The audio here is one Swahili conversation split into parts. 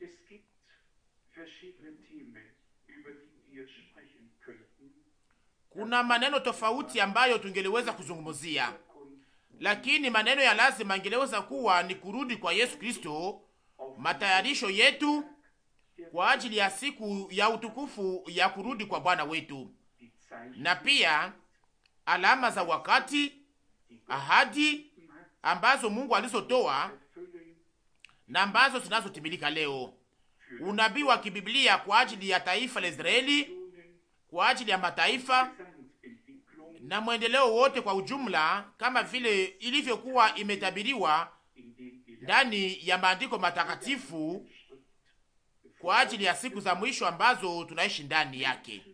Es gibt verschiedene Themen, über die wir sprechen könnten. Kuna maneno tofauti ambayo tungeliweza kuzungumzia, lakini maneno ya lazima ingeliweza kuwa ni kurudi kwa Yesu Kristo, matayarisho yetu kwa ajili ya siku ya utukufu ya kurudi kwa Bwana wetu, na pia alama za wakati, ahadi ambazo Mungu alizotoa na ambazo zinazotimilika leo. Unabii wa kibiblia kwa ajili ya taifa la Israeli, kwa ajili ya mataifa na mwendeleo wote kwa ujumla, kama vile ilivyokuwa imetabiriwa ndani ya maandiko matakatifu kwa ajili ya siku za mwisho ambazo tunaishi ndani yake.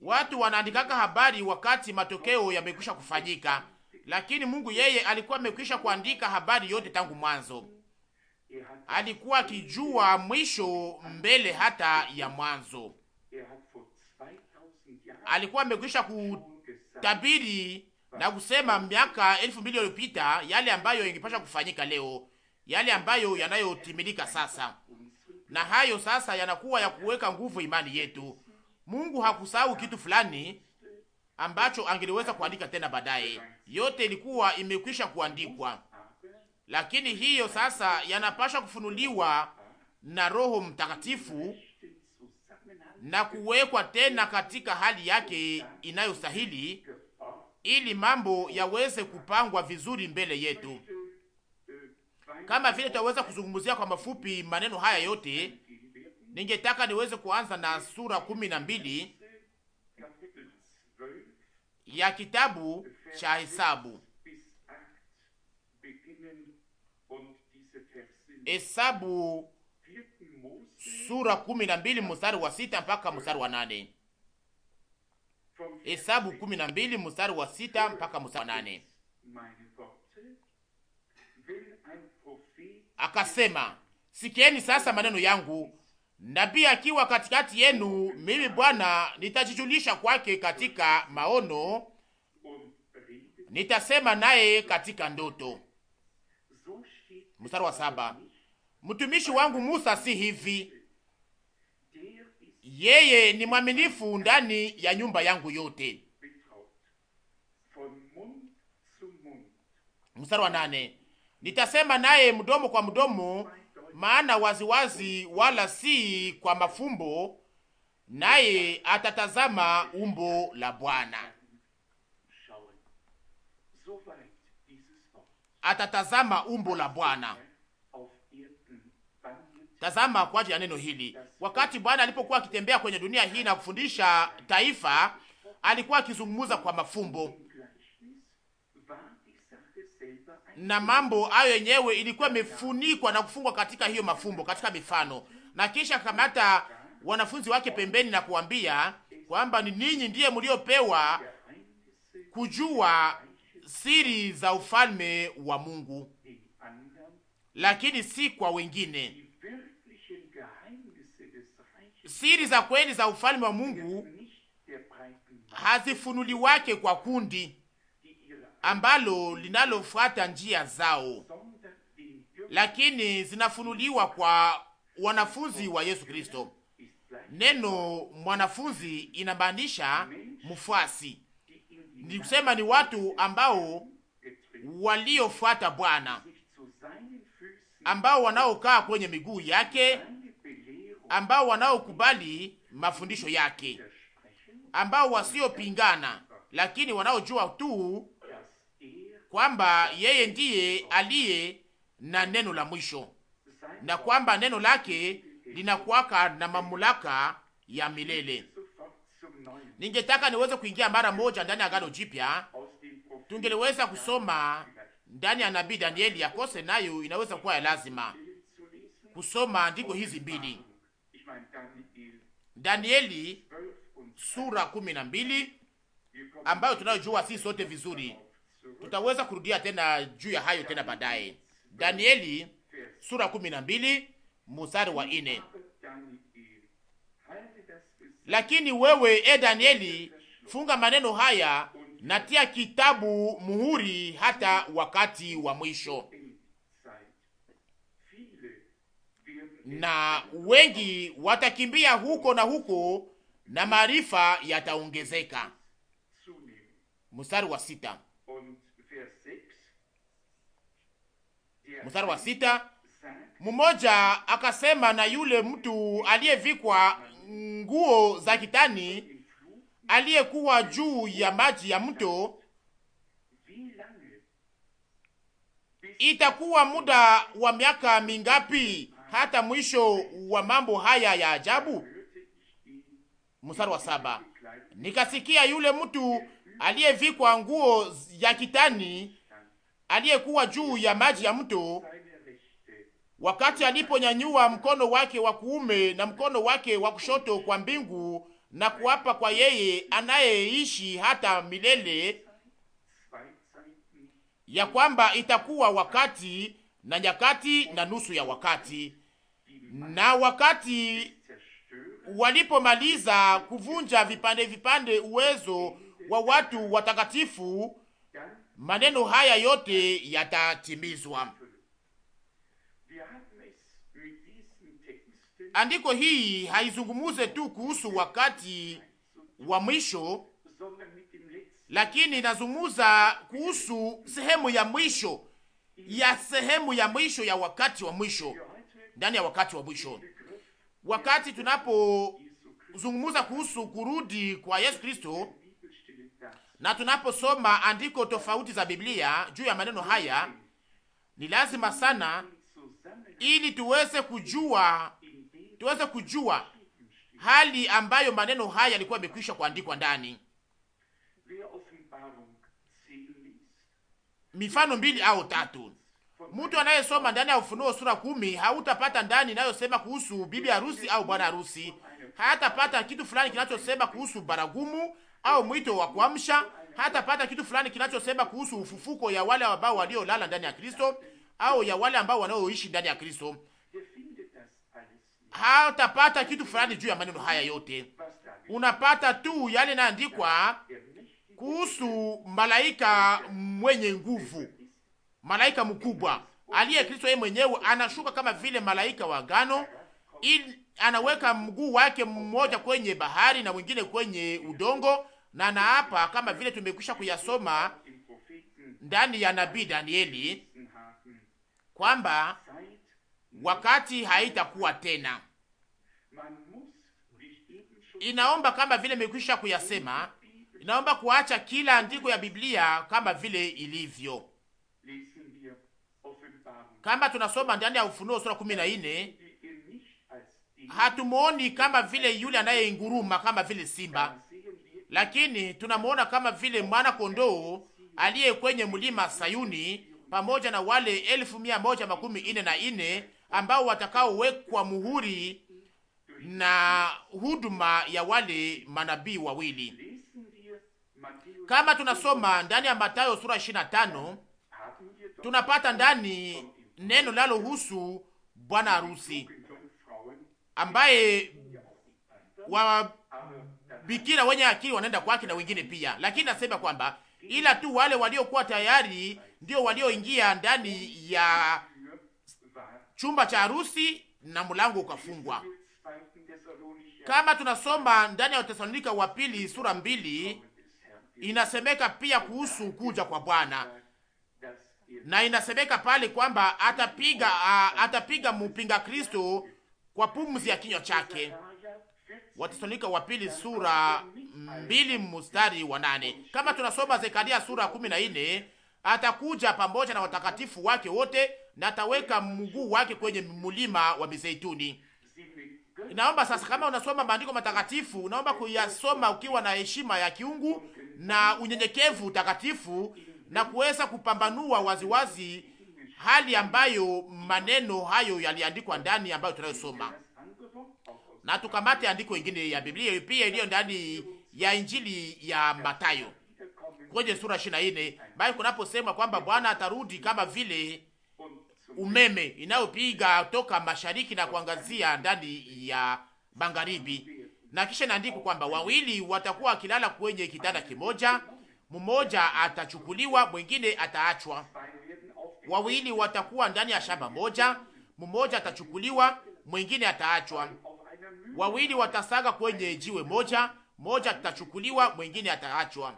Watu wanaandikaka habari wakati matokeo yamekwisha kufanyika lakini Mungu yeye alikuwa amekwisha kuandika habari yote tangu mwanzo. Alikuwa akijua mwisho mbele hata ya mwanzo. Alikuwa amekwisha kutabiri na kusema miaka elfu mbili iliyopita yale ambayo ingepasha kufanyika leo, yale ambayo yanayotimilika sasa, na hayo sasa yanakuwa ya kuweka nguvu imani yetu. Mungu hakusahau kitu fulani ambacho angeliweza kuandika tena baadaye. Yote ilikuwa imekwisha kuandikwa, lakini hiyo sasa yanapashwa kufunuliwa na Roho Mtakatifu na kuwekwa tena katika hali yake inayostahili ili mambo yaweze kupangwa vizuri mbele yetu. Kama vile tutaweza kuzungumzia kwa mafupi maneno haya yote, ningetaka niweze kuanza na sura kumi na mbili ya kitabu cha Hesabu. Hesabu sura kumi na mbili mstari wa sita mpaka mstari wa nane. Hesabu kumi na mbili mstari wa sita mpaka mstari wa nane. Akasema, sikieni sasa maneno yangu na pia akiwa katikati yenu, mimi Bwana nitajijulisha kwake katika maono, nitasema naye katika ndoto. Mstari wa saba. Mtumishi wangu Musa si hivi, yeye ni mwaminifu ndani ya nyumba yangu yote. Mstari wa nane. Nitasema naye mdomo kwa mdomo maana waziwazi wazi, wala si kwa mafumbo, naye atatazama umbo la Bwana, atatazama umbo la Bwana. Tazama kwa ajili ya neno hili. Wakati Bwana alipokuwa akitembea kwenye dunia hii na kufundisha taifa, alikuwa akizungumza kwa mafumbo na mambo hayo yenyewe ilikuwa imefunikwa na kufungwa katika hiyo mafumbo, katika mifano. Na kisha akamata wanafunzi wake pembeni na kuambia kwamba ni ninyi ndiye mliopewa kujua siri za ufalme wa Mungu, lakini si kwa wengine. Siri za kweli za ufalme wa Mungu hazifunuliwake kwa kundi ambalo linalofuata njia zao, lakini zinafunuliwa kwa wanafunzi wa Yesu Kristo. Neno mwanafunzi inamaanisha mfuasi, ni kusema ni watu ambao waliofuata Bwana, ambao wanaokaa kwenye miguu yake, ambao wanaokubali mafundisho yake, ambao wasiopingana, lakini wanaojua tu kwamba yeye ndiye aliye na neno la mwisho na kwamba neno lake linakuwaka na mamlaka ya milele. Ningetaka niweze kuingia mara moja ndani ya Agano Jipya, tungeliweza kusoma ndani ya nabii Danieli yakose, nayo inaweza kuwa ya lazima kusoma andiko hizi mbili, Danieli sura kumi na mbili ambayo tunayojua si sote vizuri Tutaweza kurudia tena juu ya hayo tena baadaye. Danieli sura kumi na mbili mstari wa ine. Lakini wewe e Danieli, funga maneno haya natia kitabu muhuri hata wakati wa mwisho. Na wengi watakimbia huko na huko, na maarifa yataongezeka. Mstari wa sita. mstari wa sita mmoja akasema na yule mtu aliyevikwa nguo za kitani aliyekuwa juu ya maji ya mto, itakuwa muda wa miaka mingapi hata mwisho wa mambo haya ya ajabu? Mstari wa saba nikasikia yule mtu aliyevikwa nguo ya kitani aliyekuwa juu ya maji ya mto, wakati aliponyanyua mkono wake wa kuume na mkono wake wa kushoto kwa mbingu na kuapa kwa yeye anayeishi hata milele ya kwamba itakuwa wakati na nyakati na nusu ya wakati. Na wakati walipomaliza kuvunja vipande vipande uwezo wa watu watakatifu maneno haya yote yatatimizwa. Andiko hii haizungumuze tu kuhusu wakati wa mwisho, lakini inazungumuza kuhusu sehemu ya mwisho ya sehemu ya mwisho ya wakati wa mwisho, ndani ya wakati wa mwisho, wakati tunapozungumuza kuhusu kurudi kwa Yesu Kristo na tunaposoma andiko tofauti za Biblia juu ya maneno haya, ni lazima sana ili tuweze kujua, tuweze kujua hali ambayo maneno haya yalikuwa yamekwisha kuandikwa ndani. Mifano mbili au tatu, mtu anayesoma ndani ya Ufunuo sura kumi hautapata ndani inayosema kuhusu bibi harusi au bwana harusi, hatapata kitu fulani kinachosema kuhusu baragumu au mwito wa kuamsha, hatapata kitu fulani kinachosema kuhusu ufufuko ya wale ambao waliolala ndani ya Kristo au ya wale ambao wanaoishi ndani ya Kristo. Hatapata kitu fulani juu ya maneno haya yote. Unapata tu yale naandikwa kuhusu malaika mwenye nguvu, malaika mkubwa aliye Kristo yeye mwenyewe anashuka kama vile malaika wa agano, ili anaweka mguu wake mmoja kwenye bahari na mwingine kwenye udongo, na naapa kama vile tumekwisha kuyasoma ndani ya nabii Danieli kwamba wakati haitakuwa tena. Inaomba kama vile imekwisha kuyasema, inaomba kuacha kila andiko ya Biblia kama vile ilivyo, kama tunasoma ndani ya Ufunuo sura kumi na nne hatumwoni kama vile yule anayeinguruma kama vile simba, lakini tunamwona kama vile mwana kondoo aliye kwenye mlima Sayuni pamoja na wale elfu mia moja makumi ine na ine ambao watakaowekwa muhuri na huduma ya wale manabii wawili. Kama tunasoma ndani ya Mathayo sura 25 tunapata ndani neno lalohusu bwana harusi ambaye wabikira wenye akili wanaenda kwake na wengine pia, lakini nasema kwamba ila tu wale waliokuwa tayari ndio walioingia ndani ya chumba cha harusi na mlango ukafungwa. Kama tunasoma ndani ya Wathesalonika wa pili sura mbili, inasemeka pia kuhusu kuja kwa Bwana na inasemeka pale kwamba atapiga, atapiga mpinga Kristo kwa pumzi ya kinywa chake. Watesalonika wa pili sura mbili mstari wa nane. Kama tunasoma Zekaria sura kumi na nne, atakuja pamoja na watakatifu wake wote na ataweka mguu wake kwenye mulima wa mizeituni. Naomba sasa, kama unasoma maandiko matakatifu, unaomba kuyasoma ukiwa na heshima ya kiungu na unyenyekevu utakatifu na kuweza kupambanua waziwazi hali ambayo maneno hayo yaliandikwa ndani ambayo tunayosoma. Na tukamate andiko ingine ya Biblia pia iliyo ndani ya Injili ya Matayo kwenye sura 24 bali kunaposema kwamba Bwana atarudi kama vile umeme inayopiga toka mashariki na kuangazia ndani ya magharibi, na kisha inaandikwa kwamba wawili watakuwa wakilala kwenye kitanda kimoja, mmoja atachukuliwa, mwingine ataachwa wawili watakuwa ndani ya shamba moja, mmoja atachukuliwa, mwingine ataachwa. Wawili watasaga kwenye jiwe moja, moja atachukuliwa, mwingine ataachwa.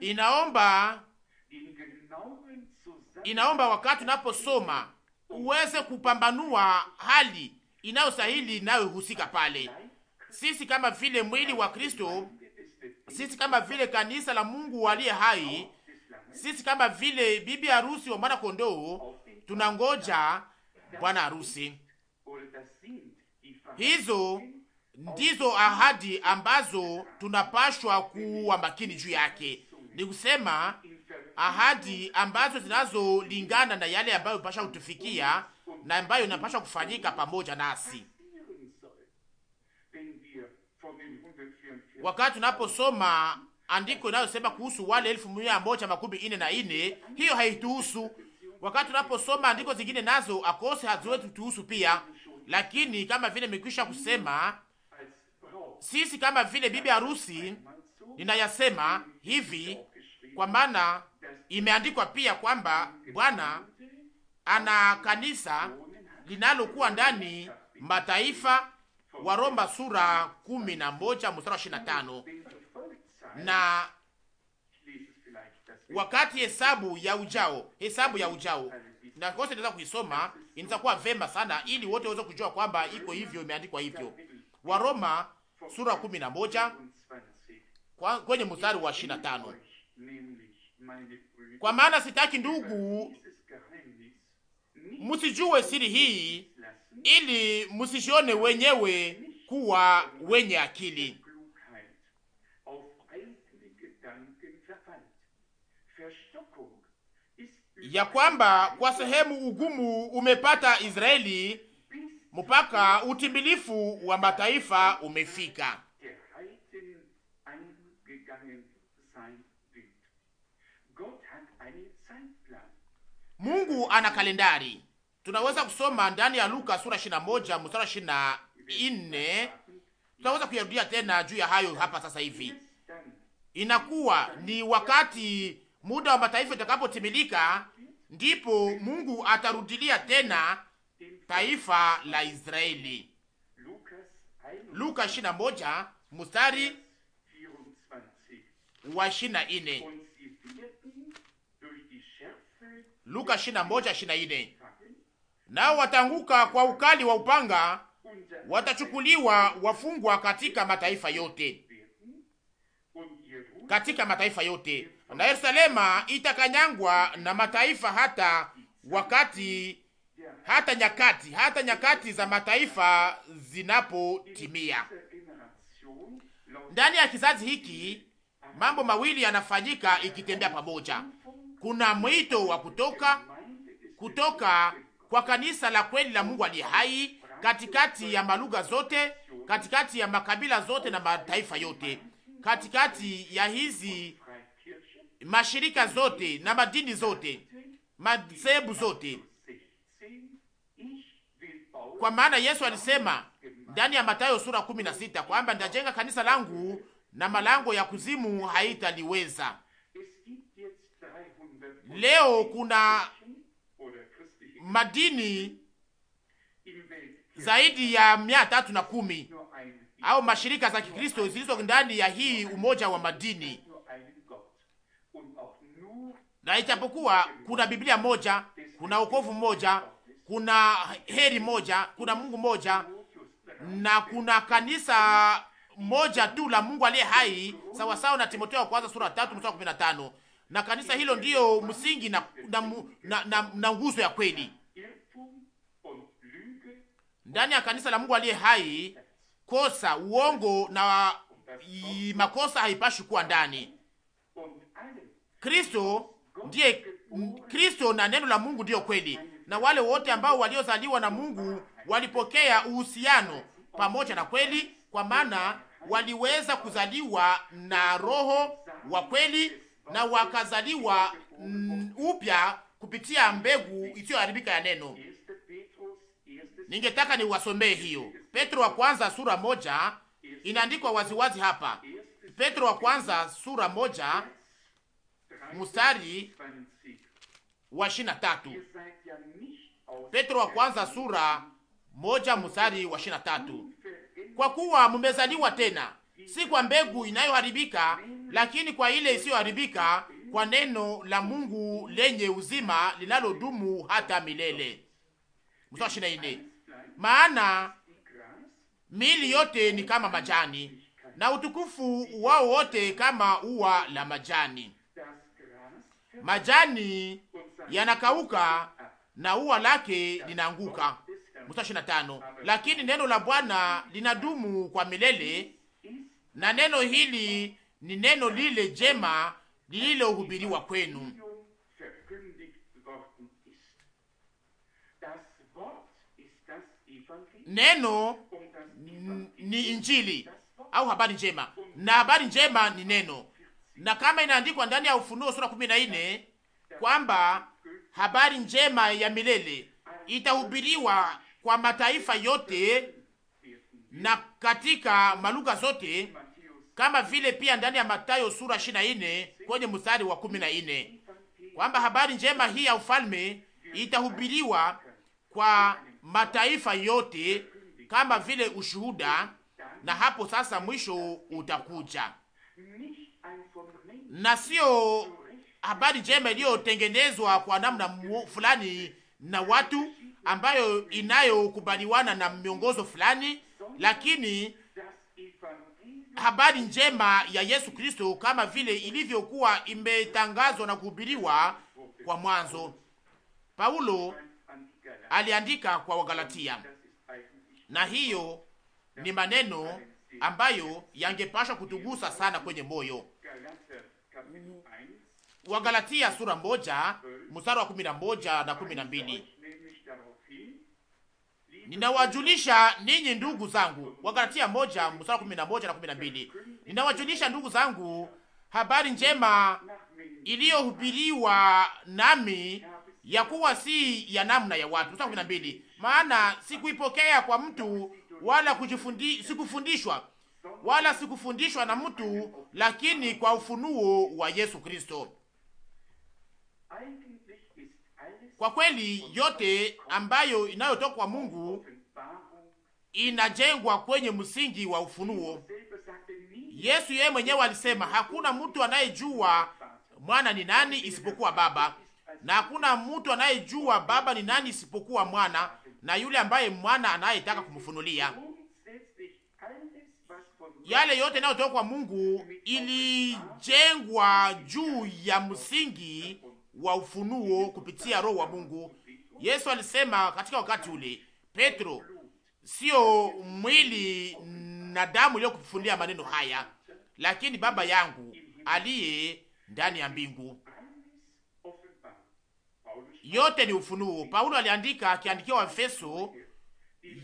Inaomba, inaomba wakati unaposoma uweze kupambanua hali inayostahili inayohusika pale. Sisi kama vile mwili wa Kristo, sisi kama vile kanisa la Mungu aliye hai sisi kama vile bibi harusi wa mwana kondoo tunangoja bwana harusi. Hizo ndizo ahadi ambazo tunapashwa kuwa makini juu yake, ni kusema ahadi ambazo zinazolingana na yale ambayo pasha kutufikia na ambayo inapashwa kufanyika pamoja nasi. Wakati tunaposoma andiko inayosema kuhusu wale elfu mia moja makumi na ine hiyo haituhusu. Wakati tunaposoma andiko zingine nazo akose haziwezi tuhusu pia, lakini kama vile nimekwisha kusema, sisi kama vile bibi harusi ninayasema hivi, kwa maana imeandikwa pia kwamba Bwana ana kanisa linalokuwa ndani mataifa, Waroma sura kumi na moja mstari wa ishirini na tano na wakati hesabu ya ujao, hesabu ya ujao na kosi inaweza kuisoma, kuwa vema sana ili wote waweze kujua kwamba iko hivyo, imeandikwa hivyo. Waroma sura 11 kwenye mstari wa tano kwa maana sitaki ndugu msijue siri hii, ili msijione wenyewe kuwa wenye akili ya kwamba kwa sehemu ugumu umepata Israeli mpaka utimilifu wa mataifa umefika. Mungu ana kalendari. Tunaweza kusoma ndani ya Luka sura 21 mstari 24. Tunaweza kuyarudia tena juu ya hayo hapa sasa hivi. Inakuwa ni wakati muda wa mataifa utakapotimilika ndipo Mungu atarudilia tena taifa la Israeli. Luka 21 mstari wa 24. Luka 21, 24. Nao watanguka kwa ukali wa upanga, watachukuliwa wafungwa katika mataifa yote, katika mataifa yote na Yerusalema itakanyangwa na mataifa, hata wakati hata nyakati hata nyakati za mataifa zinapotimia. Ndani ya kizazi hiki mambo mawili yanafanyika ikitembea pamoja. Kuna mwito wa kutoka kutoka kwa kanisa la kweli la Mungu aliye hai katikati ya malugha zote, katikati ya makabila zote na mataifa yote, katikati ya hizi mashirika zote na madini zote, madhehebu zote, kwa maana Yesu alisema ndani ya Mathayo sura kumi na sita kwamba nitajenga kanisa langu na malango ya kuzimu haitaliweza. Leo kuna madini zaidi ya mia tatu na kumi au mashirika za Kikristo zilizo ndani ya hii umoja wa madini na ijapokuwa kuna Biblia moja, kuna wokovu mmoja, kuna heri moja, kuna Mungu moja na kuna kanisa moja tu la Mungu aliye hai, sawa sawa na Timotheo wa kwanza sura tatu mstari na tano Na kanisa hilo ndiyo msingi na na, na, na, na nguzo ya kweli. Ndani ya kanisa la Mungu aliye hai, kosa, uongo na i, makosa haipashi kuwa ndani. Kristo ndiye Kristo na neno la Mungu ndiyo kweli, na wale wote ambao waliozaliwa na Mungu walipokea uhusiano pamoja na kweli, kwa maana waliweza kuzaliwa na Roho wa kweli na wakazaliwa mm, upya kupitia mbegu isiyoharibika ya neno. Ningetaka niwasomee hiyo Petro wa kwanza sura moja, inaandikwa waziwazi hapa. Petro wa kwanza sura moja mstari wa ishirini na tatu. Petro wa kwanza sura moja mstari wa ishirini na tatu. Kwa kuwa mumezaliwa tena, si kwa mbegu inayoharibika, lakini kwa ile isiyoharibika, kwa neno la Mungu lenye uzima linalodumu hata milele. Mstari ishirini na nne. Maana mili yote ni kama majani na utukufu wao wote kama ua la majani majani yanakauka na ua lake linaanguka. Mstari wa tano, lakini neno la Bwana linadumu kwa milele, na neno hili ni neno lile jema lililohubiriwa kwenu. Neno ni Injili au habari njema, na habari njema ni neno na kama inaandikwa ndani ya Ufunuo sura kumi na nne kwamba habari njema ya milele itahubiriwa kwa mataifa yote na katika malugha zote, kama vile pia ndani ya Mathayo sura 24 kwenye mstari wa 14 kwamba habari njema hii ya ufalme itahubiriwa kwa mataifa yote kama vile ushuhuda, na hapo sasa mwisho utakuja na sio habari njema iliyotengenezwa kwa namna fulani na watu ambayo inayokubaliwana na miongozo fulani, lakini habari njema ya Yesu Kristo kama vile ilivyokuwa imetangazwa na kuhubiriwa kwa mwanzo. Paulo aliandika kwa Wagalatia, na hiyo ni maneno ambayo yangepasha kutugusa sana kwenye moyo. Wagalatia sura moja mstari wa kumi na moja na kumi na mbili ninawajulisha ninyi ndugu zangu. Wagalatia moja mstari wa kumi na moja na kumi na mbili ninawajulisha ndugu zangu habari njema iliyohubiriwa nami ya kuwa si ya namna ya watu. Mstari wa kumi na mbili maana sikuipokea kwa mtu wala kujifundi, sikufundishwa wala sikufundishwa na mtu, lakini kwa ufunuo wa Yesu Kristo. Kwa kweli yote ambayo inayotoka kwa Mungu inajengwa kwenye msingi wa ufunuo. Yesu yeye mwenyewe alisema, hakuna mtu anayejua mwana ni nani isipokuwa Baba, na hakuna mtu anayejua Baba ni nani isipokuwa Mwana na yule ambaye Mwana anayetaka kumfunulia yale yote yanayotoka kwa Mungu ilijengwa juu ya msingi wa ufunuo kupitia Roho wa Mungu. Yesu alisema katika wakati ule, Petro, sio mwili na damu iliyokufunulia maneno haya, lakini Baba yangu aliye ndani ya mbingu. Yote ni ufunuo. Paulo aliandika akiandikia Waefeso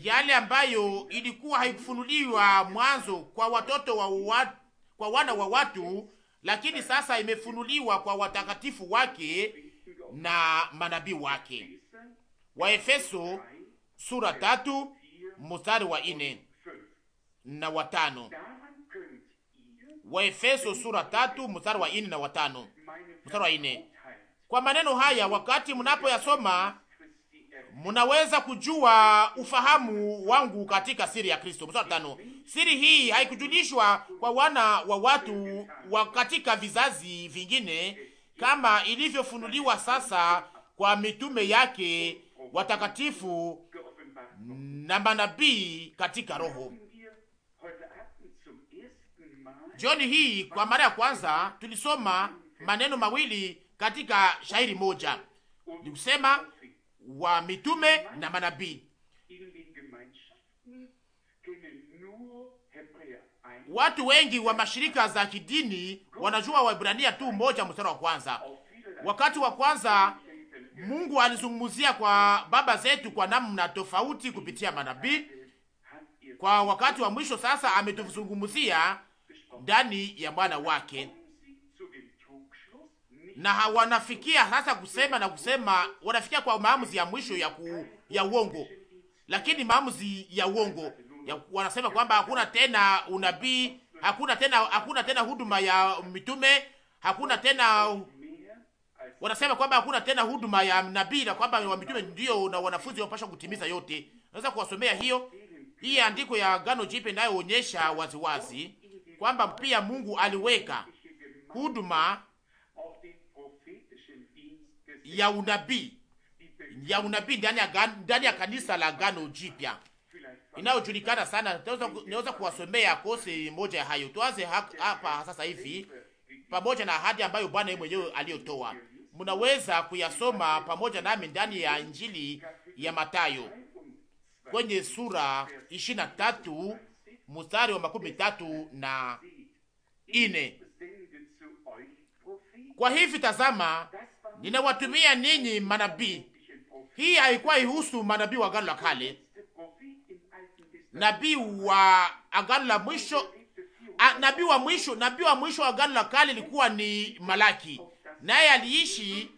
yale ambayo ilikuwa haikufunuliwa mwanzo kwa watoto wa watu, kwa wana wa watu, lakini sasa imefunuliwa kwa watakatifu wake na manabii wake. Waefeso sura tatu mstari wa ine na watano. Waefeso sura tatu mstari wa ine na watano, mstari wa ine. Kwa maneno haya wakati mnapoyasoma munaweza kujua ufahamu wangu katika siri ya Kristo. Mstari tano, siri hii haikujulishwa kwa wana wa watu wa katika vizazi vingine kama ilivyofunuliwa sasa kwa mitume yake watakatifu na manabii katika Roho. Jioni hii kwa mara ya kwanza tulisoma maneno mawili katika shairi moja, kusema wa mitume na manabii. Watu wengi wa mashirika za kidini wanajua Waebrania tu moja mstari wa kwanza. Wakati wa kwanza Mungu alizungumzia kwa baba zetu kwa namna tofauti kupitia manabii. Kwa wakati wa mwisho sasa ametuzungumzia ndani ya mwana wake na wanafikia sasa kusema na kusema, wanafikia kwa maamuzi ya mwisho ya, ku, ya uongo, lakini maamuzi ya uongo ya, wanasema kwamba hakuna tena unabii, hakuna tena, hakuna tena huduma ya mitume, hakuna tena wanasema kwamba hakuna tena huduma ya nabii na kwamba wa mitume ndio na wanafunzi wanapaswa kutimiza yote. Naweza kuwasomea hiyo hii andiko ya Agano Jipya inayoonyesha waziwazi kwamba pia Mungu aliweka huduma ya unabii ya unabii ndani ya ndani ya kanisa la gano Jipya inayojulikana sana. Naweza kuwasomea kosi moja ya hayo. Tuanze hapa sasa hivi, pamoja na ahadi ambayo Bwana yeye mwenyewe aliyotoa. Mnaweza kuyasoma pamoja nami ndani ya Injili ya Matayo kwenye sura 23 mstari wa makumi tatu na ine. Kwa hivi tazama ninawatumia ninyi manabii. Hii haikuwa ihusu manabii wa Agano la Kale. Nabii wa Agano la mwisho, nabii wa mwisho, nabii wa mwisho wa Agano la Kale ilikuwa ni Malaki, naye aliishi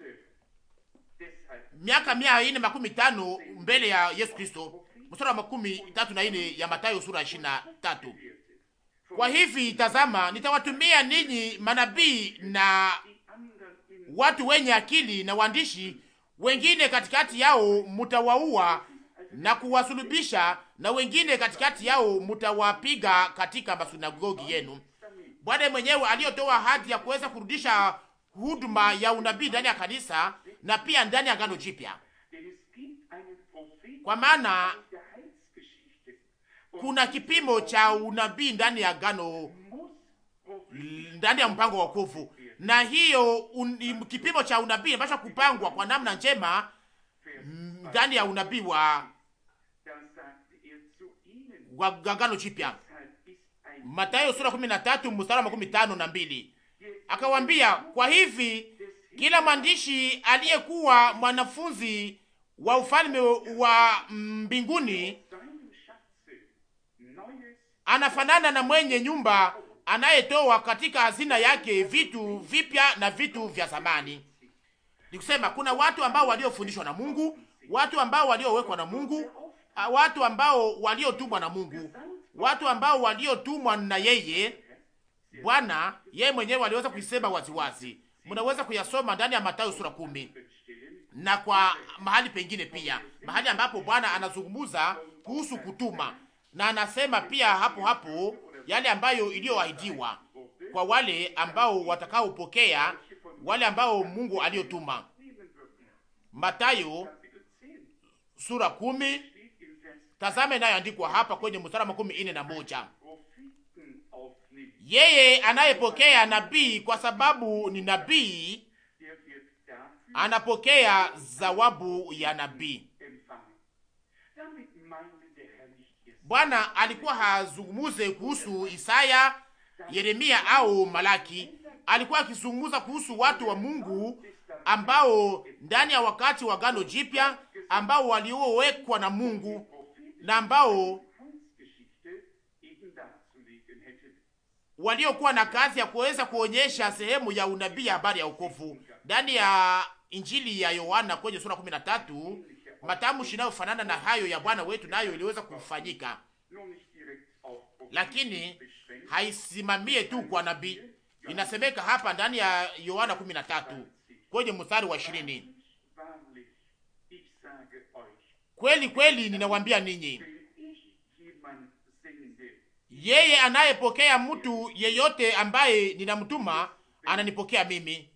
miaka mia ine makumi tano mbele ya Yesu Kristo. Mstari wa makumi tatu na ine ya Mathayo sura ishirini na tatu. Kwa hivi tazama, nitawatumia ninyi manabii na watu wenye akili na waandishi wengine katikati yao mutawaua na kuwasulubisha, na wengine katikati yao mutawapiga katika masinagogi yenu. Bwana mwenyewe aliyotoa ahadi ya kuweza kurudisha huduma ya unabii ndani ya kanisa na pia ndani ya gano Jipya, kwa maana kuna kipimo cha unabii ndani ya gano, ndani ya mpango wa wokovu na hiyo un, kipimo cha unabii inapaswa kupangwa kwa namna njema mm, ndani ya unabii wa Agano Jipya. Mathayo sura 13 mstari wa 15 na 2, akawaambia kwa hivi kila mwandishi aliyekuwa mwanafunzi wa ufalme wa mbinguni anafanana na mwenye nyumba anayetoa katika hazina yake vitu vipya na vitu vya zamani. ni kusema kuna watu ambao waliofundishwa na Mungu, watu ambao waliowekwa na Mungu, watu ambao waliotumwa na Mungu, watu ambao waliotumwa na yeye Bwana. Yeye mwenyewe aliweza kuisema waziwazi, mnaweza kuyasoma ndani ya Mathayo sura kumi na kwa mahali pengine pia, mahali ambapo Bwana anazungumza kuhusu kutuma na anasema pia hapo hapo yale ambayo iliyoahidiwa kwa wale ambao watakaopokea, wale ambao Mungu aliyotuma. Mathayo sura kumi, tazama inayoandikwa hapa kwenye mstari makumi ine na moja yeye anayepokea nabii kwa sababu ni nabii anapokea zawabu ya nabii. Bwana alikuwa hazungumuze kuhusu Isaya, Yeremia au Malaki. Alikuwa akizungumza kuhusu watu wa Mungu ambao ndani ya wakati wa gano Jipya ambao waliowekwa na Mungu na ambao waliokuwa na kazi ya kuweza kuonyesha sehemu ya unabii ya habari ya wokovu ndani ya Injili ya Yohana kwenye sura tatu matamshi inayofanana na hayo ya Bwana wetu nayo iliweza kufanyika, lakini haisimamie tu kwa nabii. Inasemeka hapa ndani ya Yohana 13 kwenye mstari wa ishirini, kweli kweli ninawambia ninyi, yeye anayepokea mtu yeyote ambaye ninamtuma ananipokea mimi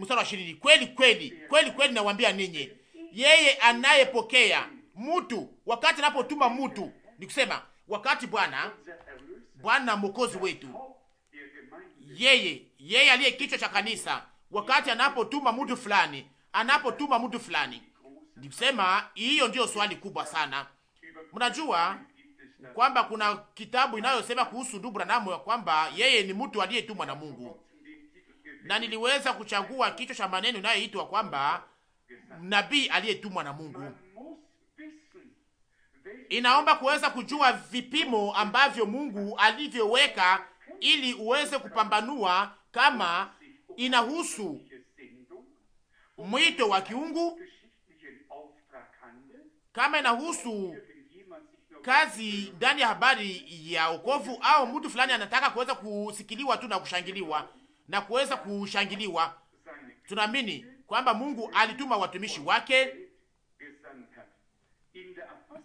mstari wa ishirini. Kweli kweli kweli kweli nawaambia ninyi, yeye anayepokea mtu wakati anapotuma mtu, ni kusema wakati Bwana Bwana mwokozi wetu, yeye yeye aliye kichwa cha kanisa, wakati anapotuma mtu fulani, anapotuma mtu fulani, ni kusema hiyo ndiyo swali kubwa sana. Mnajua kwamba kuna kitabu inayosema kuhusu ndugu Branham ya kwamba yeye ni mtu aliyetumwa na Mungu na niliweza kuchagua kichwa cha maneno inayoitwa kwamba nabii aliyetumwa na Mungu. Inaomba kuweza kujua vipimo ambavyo Mungu alivyoweka ili uweze kupambanua kama inahusu mwito wa kiungu, kama inahusu kazi ndani ya habari ya wokovu, au mtu fulani anataka kuweza kusikiliwa tu na kushangiliwa na kuweza kushangiliwa. Tunaamini kwamba Mungu alituma watumishi wake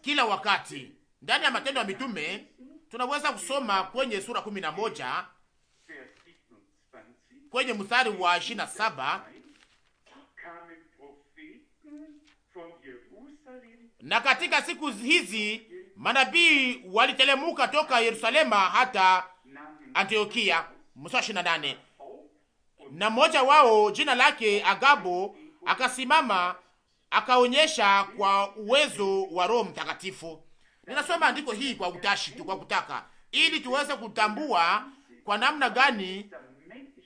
kila wakati. Ndani ya Matendo ya Mitume tunaweza kusoma kwenye sura kumi na moja kwenye mstari wa ishirini na saba na katika siku hizi manabii walitelemuka toka Yerusalema hata Antiokia. Mstari wa ishirini na nane na mmoja wao jina lake Agabo akasimama akaonyesha kwa uwezo wa Roho Mtakatifu. Ninasoma andiko hii kwa utashi tu, kwa kutaka ili tuweze kutambua kwa namna gani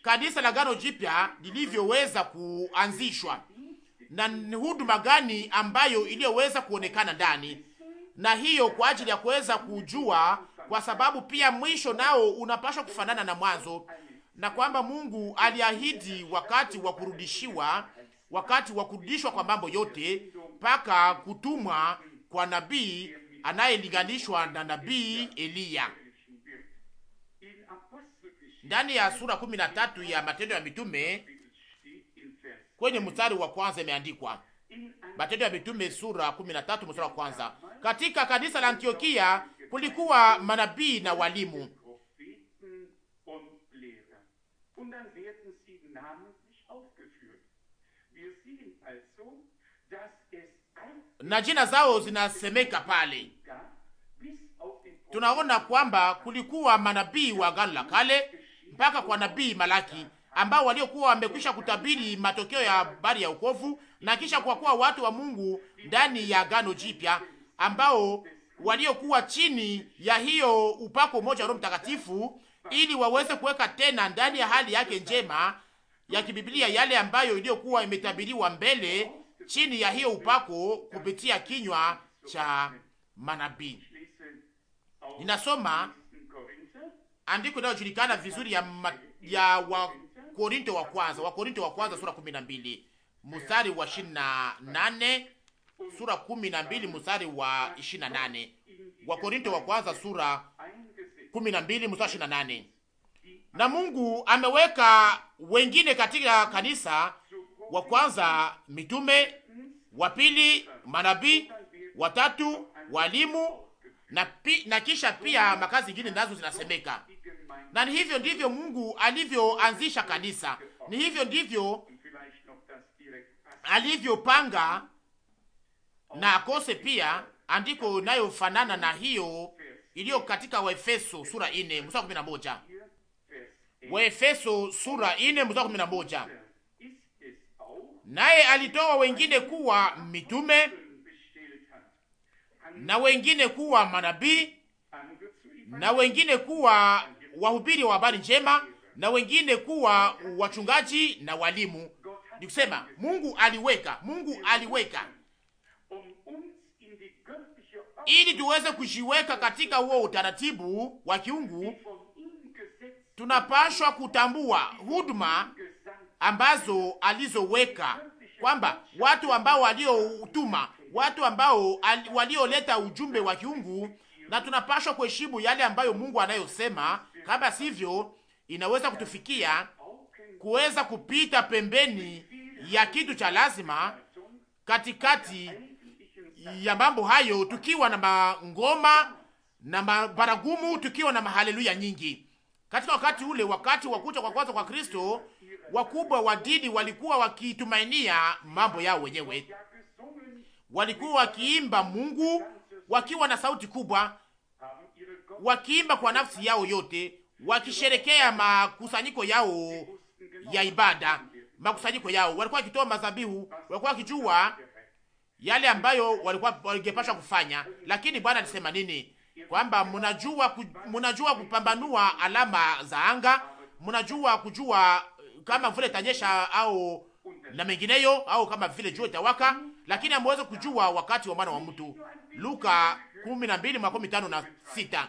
kanisa la gano Jipya lilivyoweza kuanzishwa na ni huduma gani ambayo iliyoweza kuonekana ndani, na hiyo kwa ajili ya kuweza kujua, kwa sababu pia mwisho nao unapaswa kufanana na mwanzo na kwamba Mungu aliahidi wakati wa kurudishiwa, wakati wa kurudishwa kwa mambo yote, mpaka kutumwa kwa nabii anayelinganishwa na nabii Eliya ndani ya sura 13 ya Matendo ya Mitume kwenye mstari wa kwanza imeandikwa. Matendo ya Mitume sura 13 mstari wa kwanza. Katika kanisa la Antiokia kulikuwa manabii na walimu und dann werden sie namentlich aufgeführt. Wir sehen also, dass es na jina zao zinasemeka pale. Tunaona kwamba kulikuwa manabii wa Agano la Kale mpaka kwa nabii Malaki ambao waliokuwa wamekwisha kutabiri matokeo ya habari ya ukovu na kisha kwa kuwa watu wa Mungu ndani ya Agano Jipya ambao waliokuwa chini ya hiyo upako mmoja wa Roho Mtakatifu ili waweze kuweka tena ndani ya hali yake njema ya kibiblia yale ambayo iliyokuwa imetabiriwa mbele chini ya hiyo upako kupitia kinywa cha manabii. Ninasoma andiko inayojulikana vizuri ya, ma, ya Wakorinto wa kwanza, Wakorinto wa kwanza sura 12 mstari wa 28, sura 12 mstari wa 28, Wakorinto wa kwanza sura 12 mstari Na Mungu ameweka wengine katika kanisa, wa kwanza mitume, wa pili manabii, wa tatu walimu na, pi, na kisha pia makazi ingine nazo zinasemeka. Na ni hivyo ndivyo Mungu alivyoanzisha kanisa, ni hivyo ndivyo alivyopanga na akose pia andiko inayofanana na hiyo iliyo katika Waefeso sura ine mstari kumi 11. moja. Waefeso sura 4 mstari wa 11. Naye alitoa wengine kuwa mitume na wengine kuwa manabii na wengine kuwa wahubiri wa habari njema na wengine kuwa wachungaji na walimu. Nikusema Mungu aliweka, Mungu aliweka ili tuweze kujiweka katika huo utaratibu wa kiungu. Tunapashwa kutambua huduma ambazo alizoweka kwamba watu ambao waliotuma, watu ambao walioleta ujumbe wa kiungu, na tunapashwa kuheshimu yale ambayo Mungu anayosema. Kama sivyo, inaweza kutufikia kuweza kupita pembeni ya kitu cha lazima katikati ya mambo hayo, tukiwa na mangoma na mabaragumu, tukiwa na mahaleluya nyingi. Katika wakati ule, wakati wa kuja kwa kwanza kwa Kristo, wakubwa wa dini walikuwa wakitumainia mambo yao wenyewe, walikuwa wakiimba Mungu wakiwa na sauti kubwa, wakiimba kwa nafsi yao yote, wakisherekea makusanyiko yao ya ibada, makusanyiko yao. Walikuwa wakitoa mazabihu, walikuwa wakijua yale ambayo walikuwa walingepasha kufanya. Lakini Bwana alisema nini? Kwamba mnajua mnajua kupambanua alama za anga, mnajua kujua eh, kama vile itanyesha au na mengineyo, au kama vile jua itawaka, lakini hamwezi kujua wakati wa mwana wa mtu. Luka 12:15 na 6.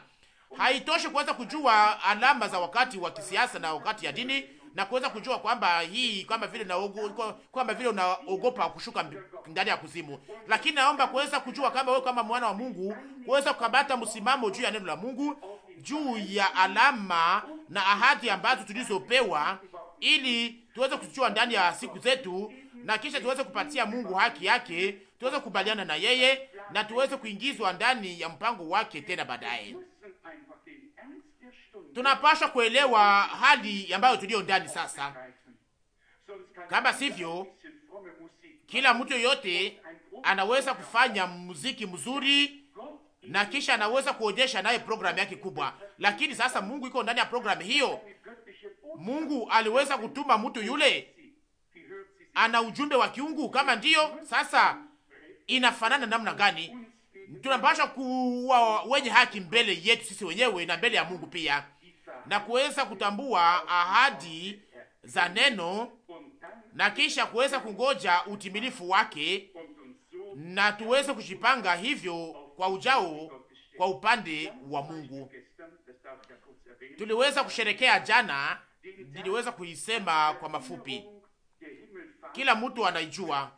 Haitoshi kuweza kujua alama za wakati wa kisiasa na wakati ya dini na kuweza kujua kwamba hii kama vile naogo, kwamba vile unaogopa kushuka ndani ya kuzimu, lakini naomba kuweza kujua kama wewe kama mwana wa Mungu kuweza kukabata msimamo juu ya neno la Mungu, juu ya alama na ahadi ambazo tulizopewa, ili tuweze kujua ndani ya siku zetu, na kisha tuweze kupatia Mungu haki yake, tuweze kukubaliana na yeye na tuweze kuingizwa ndani ya mpango wake tena baadaye tunapasha kuelewa hali ambayo tuliyo ndani sasa. Kama sivyo, kila mtu yoyote anaweza kufanya muziki mzuri na kisha anaweza kuonyesha naye programu yake kubwa, lakini sasa Mungu iko ndani ya programu hiyo. Mungu aliweza kutuma mtu yule ana ujumbe wa kiungu. Kama ndiyo, sasa inafanana namna gani? Tunapaswa kuwa wenye haki mbele yetu sisi wenyewe na mbele ya Mungu pia na kuweza kutambua ahadi za neno na kisha kuweza kungoja utimilifu wake, na tuweze kujipanga hivyo kwa ujao kwa upande wa Mungu. Tuliweza kusherekea jana, niliweza kuisema kwa mafupi, kila mtu anaijua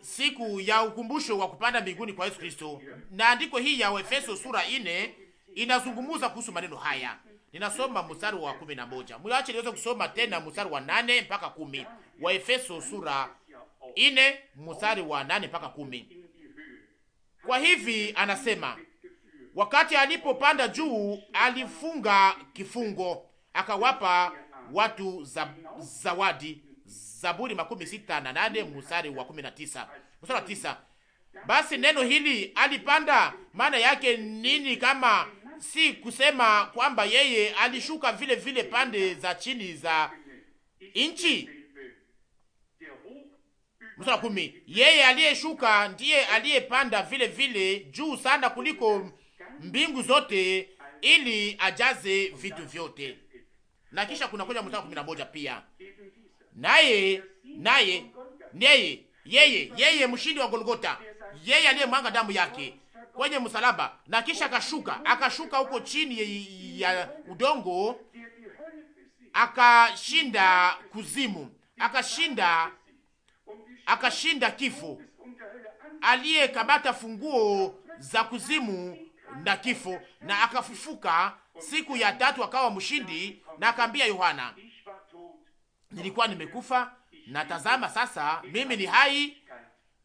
siku ya ukumbusho wa kupanda mbinguni kwa Yesu Kristo, na andiko hii ya Efeso sura ine inazungumuza kuhusu maneno haya. Ninasoma mstari wa kumi na moja. Mwache niweze kusoma tena mstari wa nane mpaka kumi wa Efeso sura ine mstari wa nane mpaka kumi. Kwa hivi anasema, wakati alipopanda juu alifunga kifungo, akawapa watu za, zawadi. Zaburi makumi sita na nane mstari wa kumi na tisa mstari wa tisa. Basi neno hili alipanda, maana yake nini kama si kusema kwamba yeye alishuka vile vile pande za chini za nchi. Mstari kumi, yeye aliyeshuka ndiye aliyepanda vile vile juu sana kuliko mbingu zote, ili ajaze vitu vyote. Na kisha kuna kuja mstari kumi na moja pia, naye naye yeye yeye yeye mshindi wa Golgota, yeye aliyemwanga damu yake kwenye msalaba na kisha akashuka, akashuka huko chini ya udongo, akashinda kuzimu, akashinda akashinda kifo, aliyekamata funguo za kuzimu na kifo, na akafufuka siku ya tatu, akawa mshindi, na akaambia Yohana, nilikuwa nimekufa na tazama sasa mimi ni hai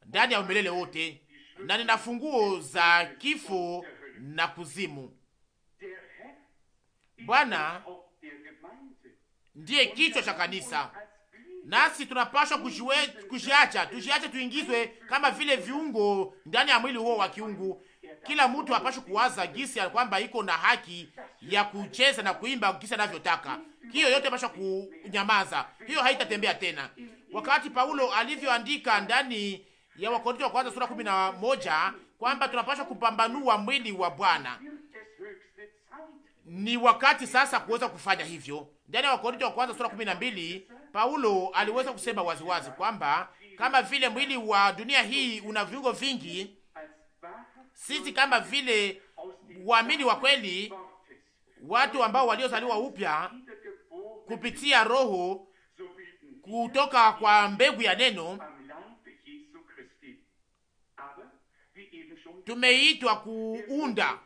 ndani ya umilele wote na nina funguo za kifo na kuzimu. Bwana ndiye kichwa cha kanisa, nasi tunapashwa kujiacha, tujiache tuingizwe kama vile viungo ndani ya mwili huo wa kiungu. Kila mtu apashwe kuwaza gisi ya kwamba iko na haki ya kucheza na kuimba gisi anavyotaka. Hiyo yote apashwa kunyamaza, hiyo haitatembea tena. Wakati Paulo alivyoandika ndani ya Wakorinto wa kwanza sura kumi na moja kwamba tunapaswa kupambanua mwili wa Bwana. Ni wakati sasa kuweza kufanya hivyo. Ndani ya Wakorinto wa kwanza sura kumi na mbili Paulo aliweza kusema waziwazi kwamba kama vile mwili wa dunia hii una viungo vingi, sisi kama vile waamini wa kweli, watu ambao waliozaliwa upya kupitia Roho kutoka kwa mbegu ya neno tumeitwa kuunda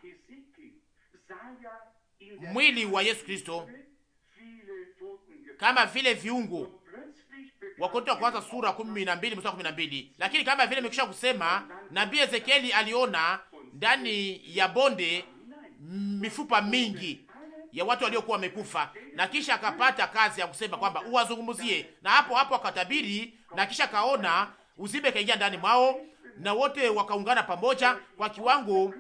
mwili wa Yesu Kristo kama vile viungo Wakorintho wa kwanza sura kumi na mbili mstari kumi na mbili. Lakini kama vile nimekwisha kusema, nabii Ezekieli aliona ndani ya bonde mifupa mingi ya watu waliokuwa wamekufa, na kisha akapata kazi ya kusema kwamba uwazungumzie, na hapo hapo akatabiri, na kisha kaona uzibe kaingia ndani mwao, na wote wakaungana pamoja kwa kiwango,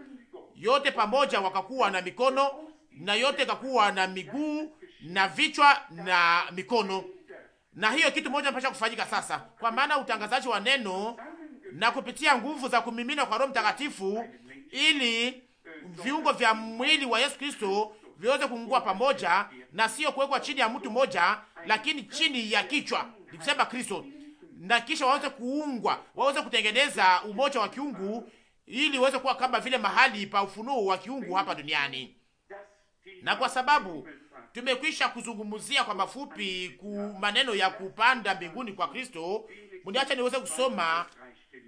yote pamoja wakakuwa na mikono na yote kakuwa na miguu na vichwa na mikono. Na hiyo kitu moja inapaswa kufanyika sasa, kwa maana utangazaji wa neno na kupitia nguvu za kumimina kwa Roho Mtakatifu ili viungo vya mwili wa Yesu Kristo viweze kuungua pamoja na sio kuwekwa chini ya mtu mmoja, lakini chini ya kichwa, nikisema Kristo na kisha waweze kuungwa, waweze kutengeneza umoja wa kiungu ili waweze kuwa kama vile mahali pa ufunuo wa kiungu hapa duniani. Na kwa sababu tumekwisha kuzungumzia kwa mafupi ku maneno ya kupanda mbinguni kwa Kristo, mniacha niweze kusoma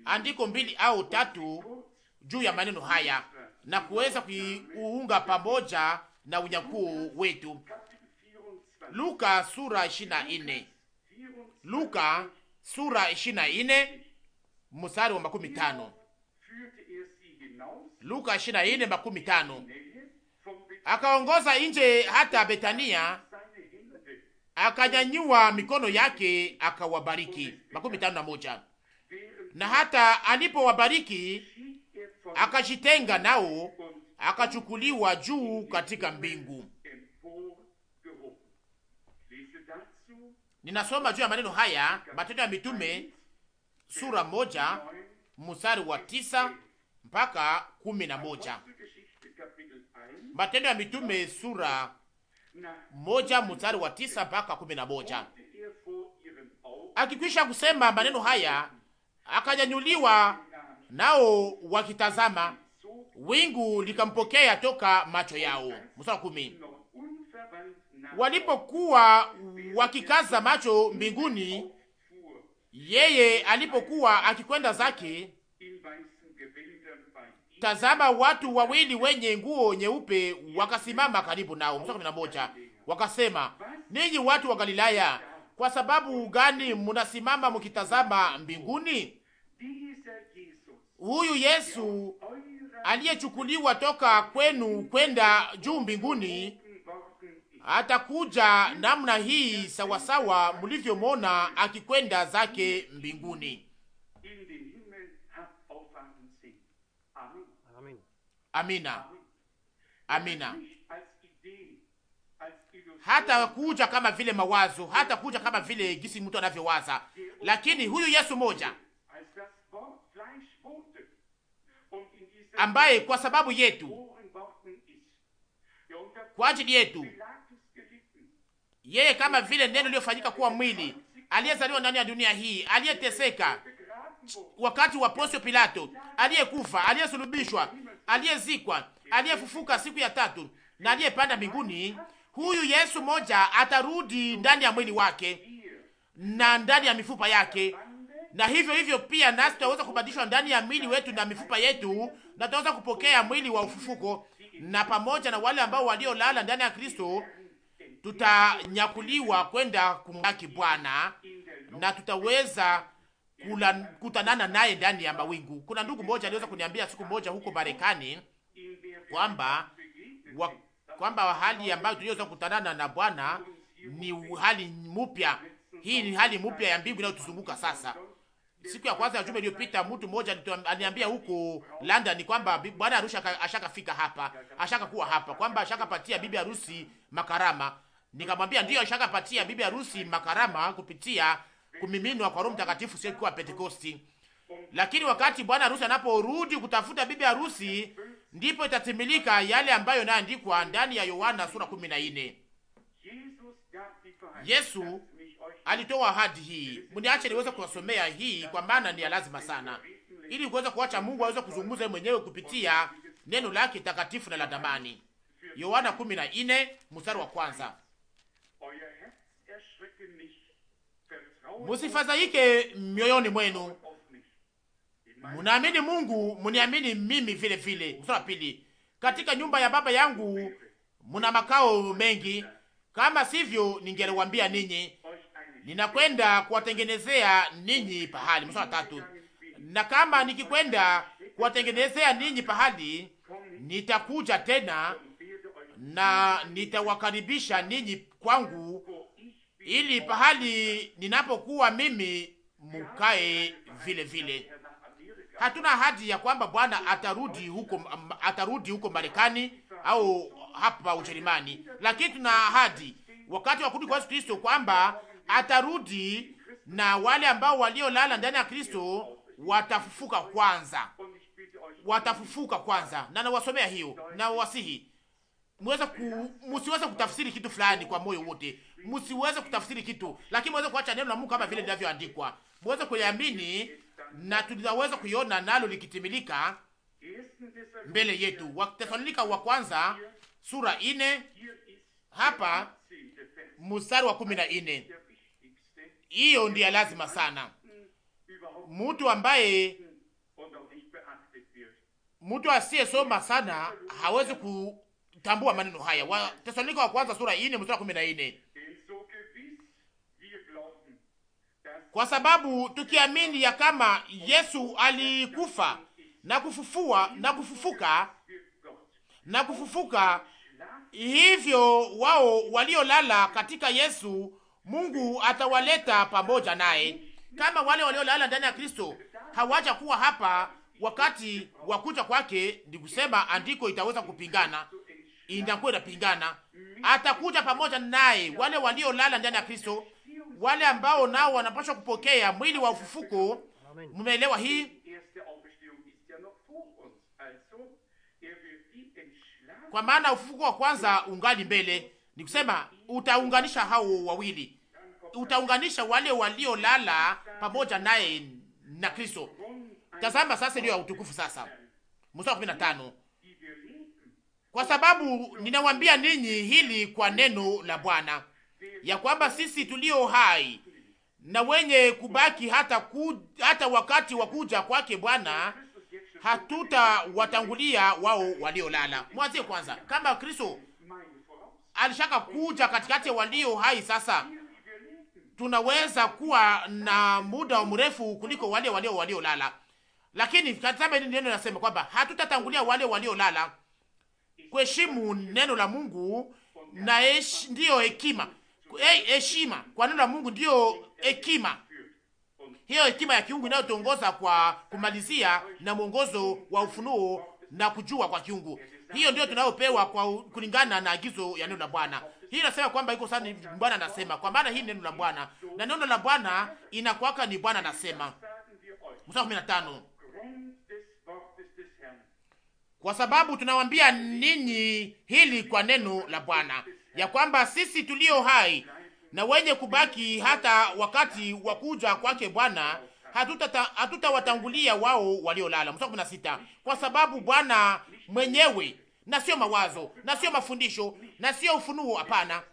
andiko mbili au tatu juu ya maneno haya na kuweza kuunga pamoja na unyakuo wetu. Luka sura 24. Luka sura 24 mstari wa makumi tano. Luka 24 makumi tano. Akaongoza nje hata Betania, akanyanyua mikono yake akawabariki. makumi tano na moja. Na hata alipowabariki akajitenga nao, akachukuliwa juu katika mbingu. Ninasoma juu ya maneno haya Matendo ya Mitume sura moja mstari wa tisa mpaka kumi na moja. Matendo ya Mitume sura moja mstari wa tisa mpaka kumi na moja. Akikwisha kusema maneno haya, akanyanyuliwa, nao wakitazama, wingu likampokea toka macho yao. Mstari wa kumi walipokuwa wakikaza macho mbinguni, yeye alipokuwa akikwenda zake, tazama, watu wawili wenye nguo nyeupe wakasimama karibu nao. Mstari kumi na moja, wakasema ninyi watu wa Galilaya, kwa sababu gani munasimama mukitazama mbinguni? Huyu Yesu aliyechukuliwa toka kwenu kwenda juu mbinguni atakuja namna hii sawasawa mulivyomona akikwenda zake mbinguni. Amina, amina. Hata kuja kama vile mawazo, hata kuja kama vile gisi mtu anavyowaza, lakini huyu Yesu moja ambaye kwa sababu yetu, kwa ajili yetu yeye kama vile neno iliyofanyika kuwa mwili, aliyezaliwa ndani ya dunia hii, aliyeteseka wakati wa Pontio Pilato, aliyekufa, aliyesulubishwa, aliyezikwa, aliyefufuka siku ya tatu na aliyepanda mbinguni, huyu Yesu moja atarudi ndani ya mwili wake na ndani ya mifupa yake, na hivyo hivyo pia nasi tutaweza kubadilishwa ndani ya mwili wetu na mifupa yetu, na tutaweza kupokea mwili wa ufufuko, na pamoja na wale ambao waliolala ndani ya Kristo tutanyakuliwa kwenda kumlaki Bwana na tutaweza kutanana naye ndani ya mawingu. Kuna ndugu mmoja aliweza kuniambia siku moja huko Marekani kwamba wa, kwamba hali ambayo tuliweza kutanana na Bwana ni hali mpya. Hii ni hali mpya ya mbingu inayotuzunguka sasa. Siku ya kwanza ya juma iliyopita mtu mmoja aliniambia huko London kwamba bwana harusi ashakafika hapa, ashakakuwa hapa, kwamba ashakapatia bibi harusi makarama Nikamwambia ndiyo, ashakapatia bibi harusi makarama kupitia kumiminwa kwa Roho Mtakatifu siku ya Pentekosti. Lakini wakati bwana harusi anaporudi kutafuta bibi harusi, ndipo itatimilika yale ambayo inaandikwa ndani ya Yohana sura 14. Yesu alitoa ahadi hii. Mniache niweze kuwasomea hii kwa maana ni ya lazima sana, ili kuweza kuacha Mungu aweze kuzungumza mwenyewe kupitia neno lake takatifu na la damani. Yohana 14 mstari wa kwanza. musifadhaike mioyoni mwenu, munaamini Mungu, muniamini mimi vile vile. Mstari wa pili, katika nyumba ya baba yangu muna makao mengi, kama sivyo ningeliwaambia ninyi, ninakwenda kuwatengenezea ninyi pahali. Mstari wa tatu, na kama nikikwenda kuwatengenezea ninyi pahali, nitakuja tena na nitawakaribisha ninyi kwangu ili pahali ninapokuwa mimi mukae vile vile. Hatuna hadi ya kwamba Bwana atarudi huko, atarudi huko Marekani au hapa Ujerumani, lakini tuna ahadi wakati wa kurudi kwa Yesu Kristo kwamba atarudi na wale ambao waliolala ndani ya Kristo watafufuka kwanza, watafufuka kwanza, na nawasomea hiyo na wasihi Mweze ku, msiweze kutafsiri kitu fulani kwa moyo wote. Msiweze kutafsiri kitu, lakini mweze kuacha neno la Mungu kama vile linavyoandikwa. Mweze kuliamini na tunaweza kuiona nalo likitimilika mbele yetu. Wathesalonike wa kwanza sura ine hapa mstari wa kumi na ine. Hiyo ndiyo lazima sana, mtu ambaye mtu asiyesoma sana hawezi ku tambua maneno haya, Tesalonika wa kwanza sura ine mstari kumi na kwa sababu tukiamini ya kama Yesu alikufa na kufufua na kufufuka na kufufuka, hivyo wao waliolala katika Yesu Mungu atawaleta pamoja naye. Kama wale waliolala ndani ya Kristo hawaja kuwa hapa wakati wa kuja kwake, ni kusema andiko itaweza kupingana, inakuwa inapingana. Atakuja pamoja naye wale waliolala ndani ya Kristo, wale ambao nao wanapaswa kupokea mwili wa ufufuko. Mmeelewa hii? Kwa maana ufufuko wa kwanza ungali mbele, ni kusema utaunganisha hao wawili, utaunganisha wale waliolala pamoja naye na Kristo. Tazama sasa, ndio ya utukufu sasa, mstari wa 15 kwa sababu ninawambia ninyi hili kwa neno la Bwana ya kwamba sisi tulio hai na wenye kubaki hata, ku, hata wakati wa kuja kwake Bwana hatutawatangulia wao waliolala. Mwanzie kwanza, kama Kristo alishaka kuja katikati ya walio hai, sasa tunaweza kuwa na muda mrefu kuliko wale walio waliolala, lakini katazama, neno linasema kwamba hatutatangulia wale waliolala kuheshimu neno la Mungu na esh, ndiyo hekima heshima kwa neno la Mungu ndiyo hekima hiyo hekima ya kiungu inayotongoza kwa kumalizia na mwongozo wa ufunuo na kujua kwa kiungu. Hiyo ndio tunayopewa kwa kulingana na agizo ya neno la Bwana. Hii nasema kwamba iko sana, Bwana anasema, kwa maana hii neno la Bwana na neno la Bwana inakwaka ni Bwana anasema. Mstari 15 kwa sababu tunawambia ninyi hili kwa neno la Bwana ya kwamba sisi tulio hai na wenye kubaki hata wakati wa kuja kwake Bwana hatutawatangulia hatuta wao waliolala. Mstari kumi na sita, kwa sababu Bwana mwenyewe na sio mawazo na sio mafundisho na sio ufunuo, hapana,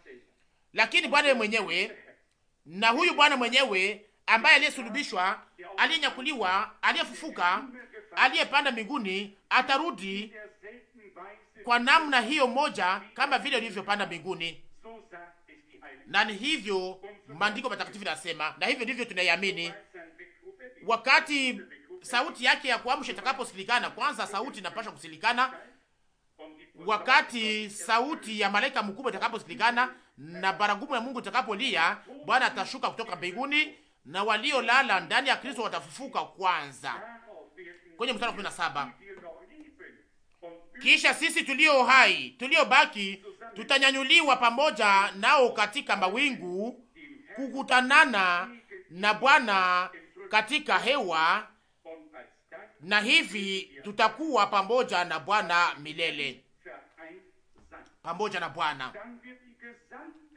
lakini Bwana mwenyewe. Na huyu Bwana mwenyewe ambaye aliyesulubishwa, aliyenyakuliwa, aliyefufuka aliyepanda mbinguni atarudi kwa namna hiyo moja kama vile ulivyopanda mbinguni. Na ni hivyo maandiko matakatifu yanasema, na hivyo ndivyo tunaiamini. Wakati sauti yake ya kuamsha itakaposikilikana, kwanza sauti inapasha kusikilikana. Wakati sauti ya malaika mkubwa itakaposikilikana na baragumu ya Mungu itakapolia, Bwana atashuka kutoka mbinguni na waliolala ndani ya Kristo watafufuka kwanza kwenye mstari wa kumi na saba kisha sisi tulio hai tuliobaki tutanyanyuliwa pamoja nao katika mawingu kukutanana na Bwana katika hewa, na hivi tutakuwa pamoja na Bwana milele, pamoja na Bwana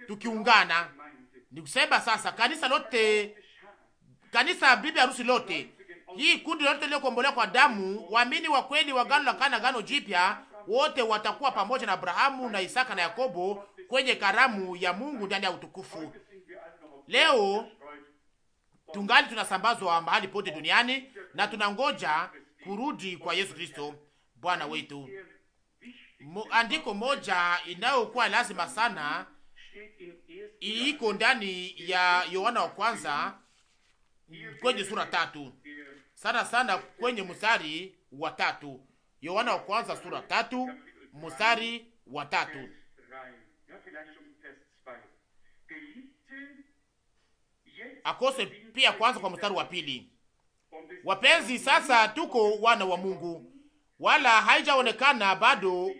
tukiungana. Ni kusema sasa kanisa lote, kanisa bibi harusi lote hii kundi lote lililokombolewa kwa damu, waamini wa kweli wa gano la kana, gano jipya, wote watakuwa pamoja na Abrahamu na Isaka na Yakobo kwenye karamu ya Mungu ndani ya utukufu. Leo tungali tunasambazwa mahali pote duniani na tunangoja kurudi kwa Yesu Kristo Bwana wetu. Mo, andiko moja inayokuwa lazima sana iko ndani ya Yohana wa kwanza kwenye sura tatu sana sana kwenye mstari wa tatu. Yohana wa kwanza sura tatu mstari wa tatu. Akose pia kwanza kwa mstari wa pili. Wapenzi, sasa tuko wana wa Mungu, wala haijaonekana bado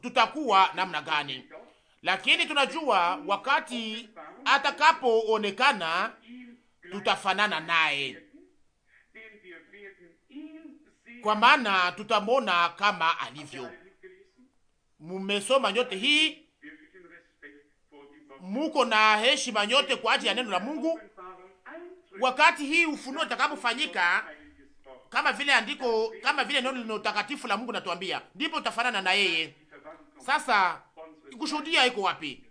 tutakuwa namna gani, lakini tunajua wakati atakapoonekana tutafanana naye kwa maana tutamwona kama alivyo. Mumesoma nyote hii, muko na heshima nyote kwa ajili ya neno la Mungu. Wakati hii ufunuo itakapofanyika, kama vile andiko, kama vile neno lino takatifu la Mungu natuambia, ndipo utafanana na yeye. Sasa kushuhudia iko wapi?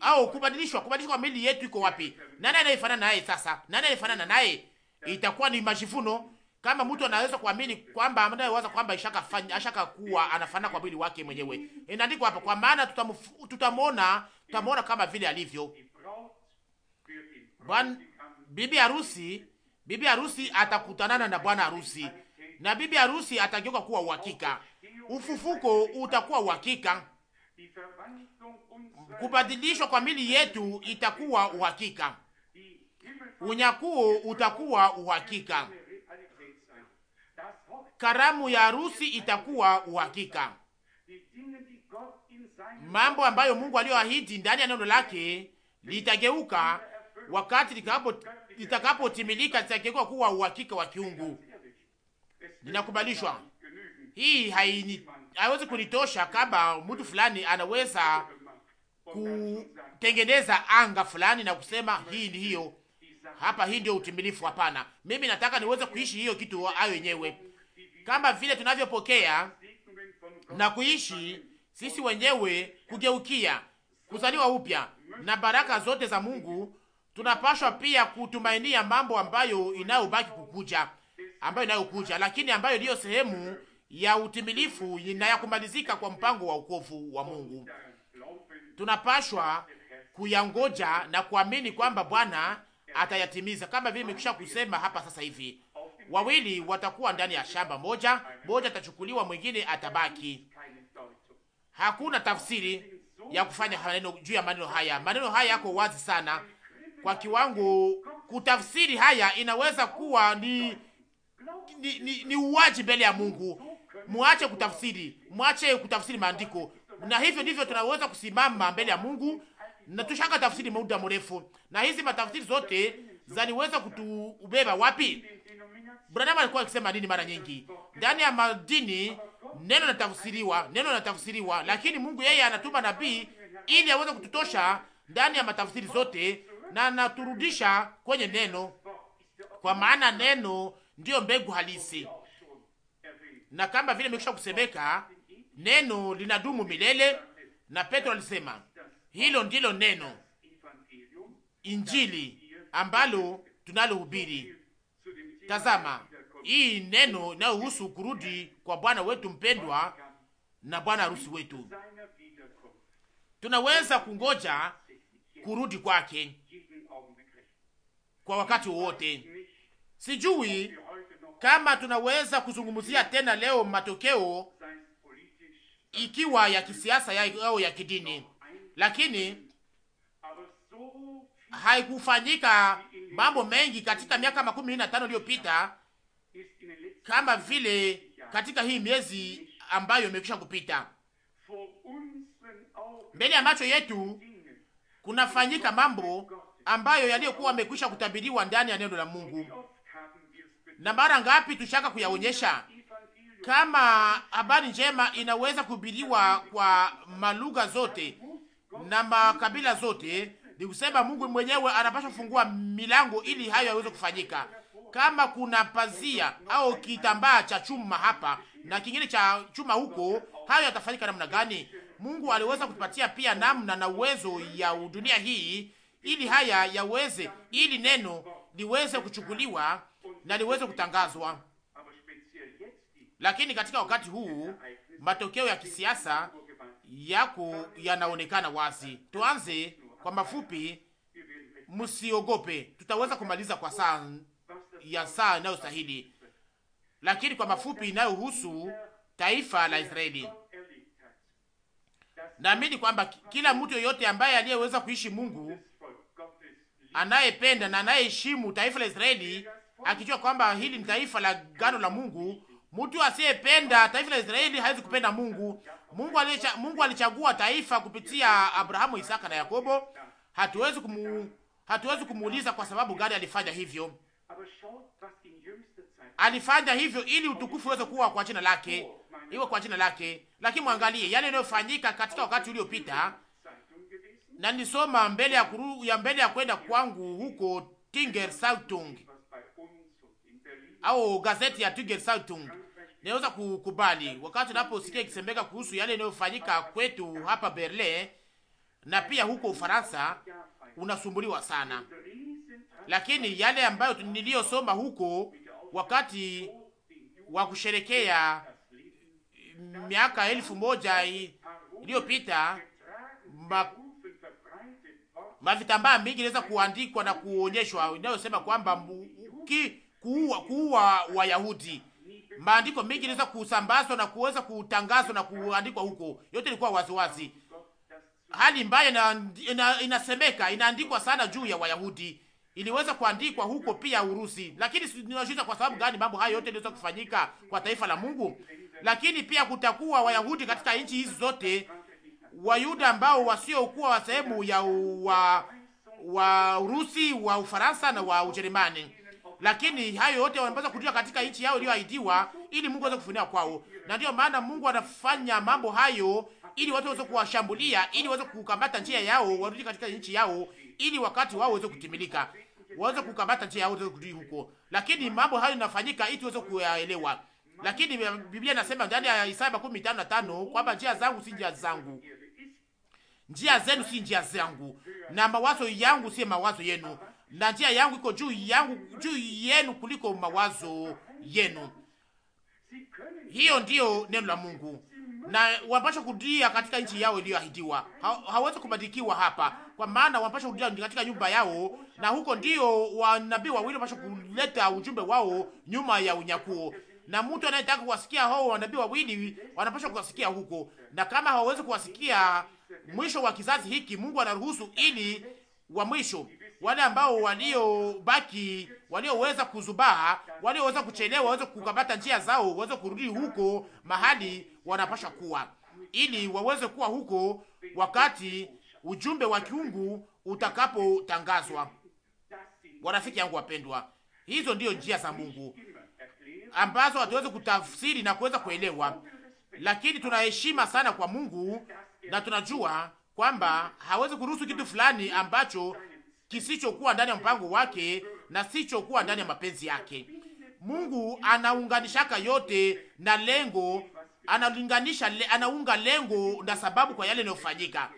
Au kubadilishwa, kubadilishwa kwa mili yetu iko wapi? Nani anayefanana naye? Sasa nani anayefanana naye? Itakuwa ni majivuno kama mtu anaweza kuamini kwamba anayewaza kwamba ishaka fanya ashaka kuwa anafanana kwa mwili wake mwenyewe. Inaandikwa hapa kwa maana tutamuona tutamuona kama vile alivyo. Bwana bibi harusi bibi harusi atakutanana na bwana harusi na bibi harusi atageuka kuwa uhakika. Ufufuko utakuwa uhakika. Kubadilishwa kwa mili yetu itakuwa uhakika. Unyakuo utakuwa uhakika karamu ya harusi itakuwa uhakika. Mambo ambayo Mungu aliyoahidi ndani ya neno lake litageuka wakati litakapotimilika, litageuka kuwa uhakika wa kiungu. Ninakubalishwa, hii haiwezi kunitosha kama mtu fulani anaweza kutengeneza anga fulani na kusema hii ni hiyo hapa, hii ndio utimilifu. Hapana, mimi nataka niweze kuishi hiyo kitu ayo yenyewe kama vile tunavyopokea na kuishi sisi wenyewe, kugeukia kuzaliwa upya na baraka zote za Mungu, tunapashwa pia kutumainia mambo ambayo inayobaki kukuja, ambayo inayokuja, lakini ambayo ndiyo sehemu ya utimilifu na ya kumalizika kwa mpango wa ukovu wa Mungu. Tunapashwa kuyangoja na kuamini kwamba Bwana atayatimiza kama vile nimekwisha kusema hapa sasa hivi wawili watakuwa ndani ya shamba moja, moja atachukuliwa, mwingine atabaki. Hakuna tafsiri ya kufanya maneno juu ya maneno haya. Maneno haya yako wazi sana kwa kiwango, kutafsiri haya inaweza kuwa ni ni, ni, ni uwaji mbele ya Mungu. Mwache kutafsiri, mwache kutafsiri maandiko, na hivyo ndivyo tunaweza kusimama mbele ya Mungu. Na tushaka tafsiri muda mrefu, na hizi matafsiri zote zaniweza kutubeba wapi? Branham alikuwa akisema nini mara nyingi? Ndani ya madini neno natafsiriwa, neno natafsiriwa, lakini Mungu yeye anatuma nabii ili aweze kututosha ndani ya matafsiri zote na anaturudisha kwenye neno, kwa maana neno ndiyo mbegu halisi. Na kama vile imekwisha kusemeka, neno linadumu milele, na Petro alisema hilo ndilo neno, Injili ambalo tunalohubiri Tazama hii neno inayohusu kurudi kwa Bwana wetu mpendwa na bwana harusi wetu. Tunaweza kungoja kurudi kwake kwa wakati wowote. Sijui kama tunaweza kuzungumzia tena leo matokeo ikiwa ya kisiasa au ya kidini, lakini haikufanyika mambo mengi katika miaka makumi na tano iliyopita, kama vile katika hii miezi ambayo imekwisha kupita. Mbele ya macho yetu kunafanyika mambo ambayo yaliyokuwa amekwisha kutabiriwa ndani ya neno la Mungu, na mara ngapi tushaka kuyaonyesha kama habari njema inaweza kuhubiriwa kwa malugha zote na makabila zote ni kusema Mungu mwenyewe anapaswa kufungua milango ili hayo yaweze kufanyika. Kama kuna pazia au kitambaa cha chuma hapa na kingine cha chuma huko, hayo yatafanyika namna gani? Mungu aliweza kutupatia pia namna na uwezo ya dunia hii ili haya yaweze, ili neno liweze kuchukuliwa na liweze kutangazwa. Lakini katika wakati huu matokeo ya kisiasa yako yanaonekana wazi. Tuanze kwa mafupi, msiogope, tutaweza kumaliza kwa saa ya saa inayostahili, lakini kwa mafupi inayohusu taifa la Israeli. Naamini kwamba kila mtu yoyote ambaye aliyeweza kuishi Mungu anayependa na anayeheshimu taifa la Israeli, akijua kwamba hili ni taifa la gano la Mungu. Mtu asiyependa taifa la Israeli hawezi kupenda Mungu. Mungu alicha, Mungu alichagua taifa kupitia Abrahamu, Isaka na Yakobo Hatuwezi kumu, hatuwezi kumuuliza kwa sababu gani alifanya hivyo. Alifanya hivyo ili utukufu uweze kuwa kwa jina lake, iwe kwa jina lake. Lakini mwangalie yale yanayofanyika katika wakati uliopita, na nisoma mbele ya kuru, ya mbele ya kwenda kwangu huko Tinger Sautung au gazeti ya Tinger Sautung, naweza kukubali wakati naposikia ikisemeka kuhusu yale yanayofanyika kwetu hapa Berlin na pia huko Ufaransa unasumbuliwa sana, lakini yale ambayo niliyosoma huko wakati wa kusherekea miaka elfu moja iliyopita ma, mavitambaa mingi inaweza kuandikwa na kuonyeshwa inayosema kwamba kuua kuua Wayahudi. Maandiko mingi inaweza kusambazwa na kuweza kutangazwa na kuandikwa huko, yote ilikuwa waziwazi hali mbaya ina, ina, inasemeka inaandikwa sana juu ya Wayahudi, iliweza kuandikwa huko pia Urusi. Lakini ninajiuliza kwa sababu gani mambo hayo yote yaliweza kufanyika kwa taifa la Mungu? Lakini pia kutakuwa Wayahudi katika nchi hizi zote, Wayuda ambao wasiokuwa wa sehemu ya wa, wa Urusi wa Ufaransa na wa Ujerumani lakini hayo yote wanapaswa kujua katika nchi yao iliyoahidiwa, ili Mungu aweze kufunia kwao, na ndio maana Mungu anafanya mambo hayo ili watu waweze kuwashambulia, ili waweze kukamata njia yao, warudi katika nchi yao, ili wakati wao waweze kutimilika, waweze kukamata njia yao, waweze kurudi huko. Lakini mambo hayo yanafanyika ili tuweze kuyaelewa. Lakini Biblia inasema ndani ya Isaya 15:5 kwamba njia zangu si njia zangu, njia zenu si njia zangu, na mawazo yangu si mawazo yenu, na njia yangu iko juu yangu juu yenu kuliko mawazo yenu. Hiyo ndiyo neno la Mungu na wanapaswa kurudia katika nchi yao iliyoahidiwa. hawezi kubadikiwa hapa, kwa maana wanapaswa kurudia katika nyumba yao, na huko ndio wanabii wawili wanapaswa kuleta ujumbe wao nyuma ya unyakuo na mtu anayetaka kuwasikia hao wanabii wawili wanapaswa kuwasikia huko, na kama hawawezi kuwasikia mwisho wa kizazi hiki, Mungu anaruhusu ili wa mwisho wale ambao waliobaki, walioweza kuzubaa, walioweza kuchelewa, waweze kukabata njia zao, waweze kurudi huko mahali wanapasha kuwa, ili waweze kuwa huko wakati ujumbe wa kiungu utakapotangazwa. Warafiki yangu wapendwa, hizo ndiyo njia za Mungu ambazo hatuwezi kutafsiri na kuweza kuelewa, lakini tunaheshima sana kwa Mungu na tunajua kwamba hawezi kuruhusu kitu fulani ambacho kisichokuwa ndani ya mpango wake na sichokuwa ndani ya mapenzi yake. Mungu anaunganishaka yote na lengo, analinganisha le, anaunga lengo na sababu kwa yale yanayofanyika.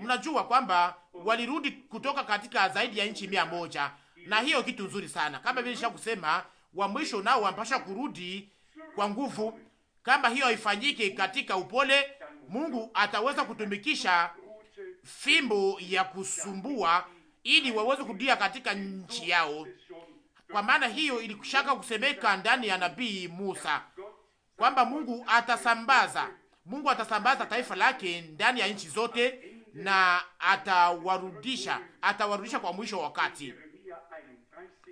Mnajua kwamba walirudi kutoka katika zaidi ya nchi mia moja na hiyo kitu nzuri sana, kama vile nishakusema, wa mwisho nao wampasha kurudi kwa nguvu. Kama hiyo haifanyike katika upole, Mungu ataweza kutumikisha fimbo ya kusumbua ili waweze kudia katika nchi yao. Kwa maana hiyo ilishaka kusemeka ndani ya nabii Musa kwamba Mungu atasambaza, Mungu atasambaza taifa lake ndani ya nchi zote na atawarudisha, atawarudisha kwa mwisho wa wakati.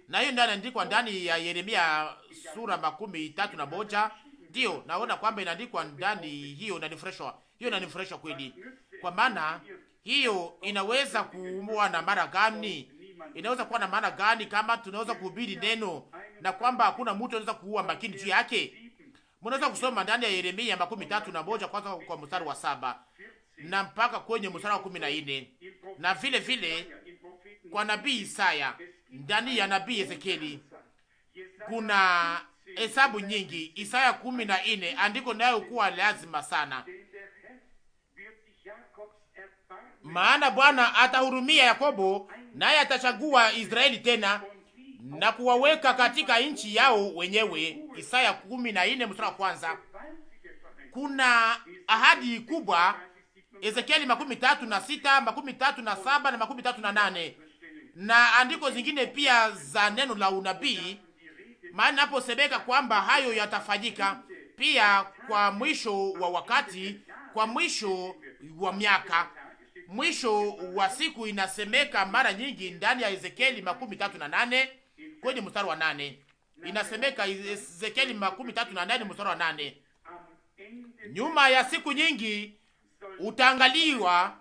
Na hiyo ndio inaandikwa ndani ya Yeremia sura makumi tatu na moja. Ndiyo, naona kwamba inaandikwa ndani hiyo, inanifurahishwa hiyo, inanifurahishwa kweli, kwa maana hiyo inaweza kuumbwa na mara gani? Inaweza kuwa na maana gani kama tunaweza kuhubiri neno na kwamba hakuna mtu anaweza kuua makini juu yake? Mnaweza kusoma ndani ya Yeremia makumi tatu na moja kwanza kwa mstari wa saba na mpaka kwenye mstari wa kumi na nne na vile vile kwa nabii Isaya ndani ya nabii Ezekieli kuna hesabu nyingi. Isaya kumi na nne andiko nayo kuwa lazima sana maana Bwana atahurumia Yakobo naye atachagua Israeli tena na kuwaweka katika nchi yao wenyewe. Isaya kumi na nne mstari wa kwanza. Kuna ahadi kubwa Ezekieli makumi tatu na sita makumi tatu na saba na makumi tatu na nane na andiko zingine pia za neno la unabii, maana naposemeka kwamba hayo yatafanyika pia kwa mwisho wa wakati, kwa mwisho wa miaka mwisho wa siku inasemeka mara nyingi ndani ya Ezekieli makumi tatu na nane kwenye mstari wa nane inasemeka Ezekieli makumi tatu na nane mstari wa nane nyuma ya siku nyingi utaangaliwa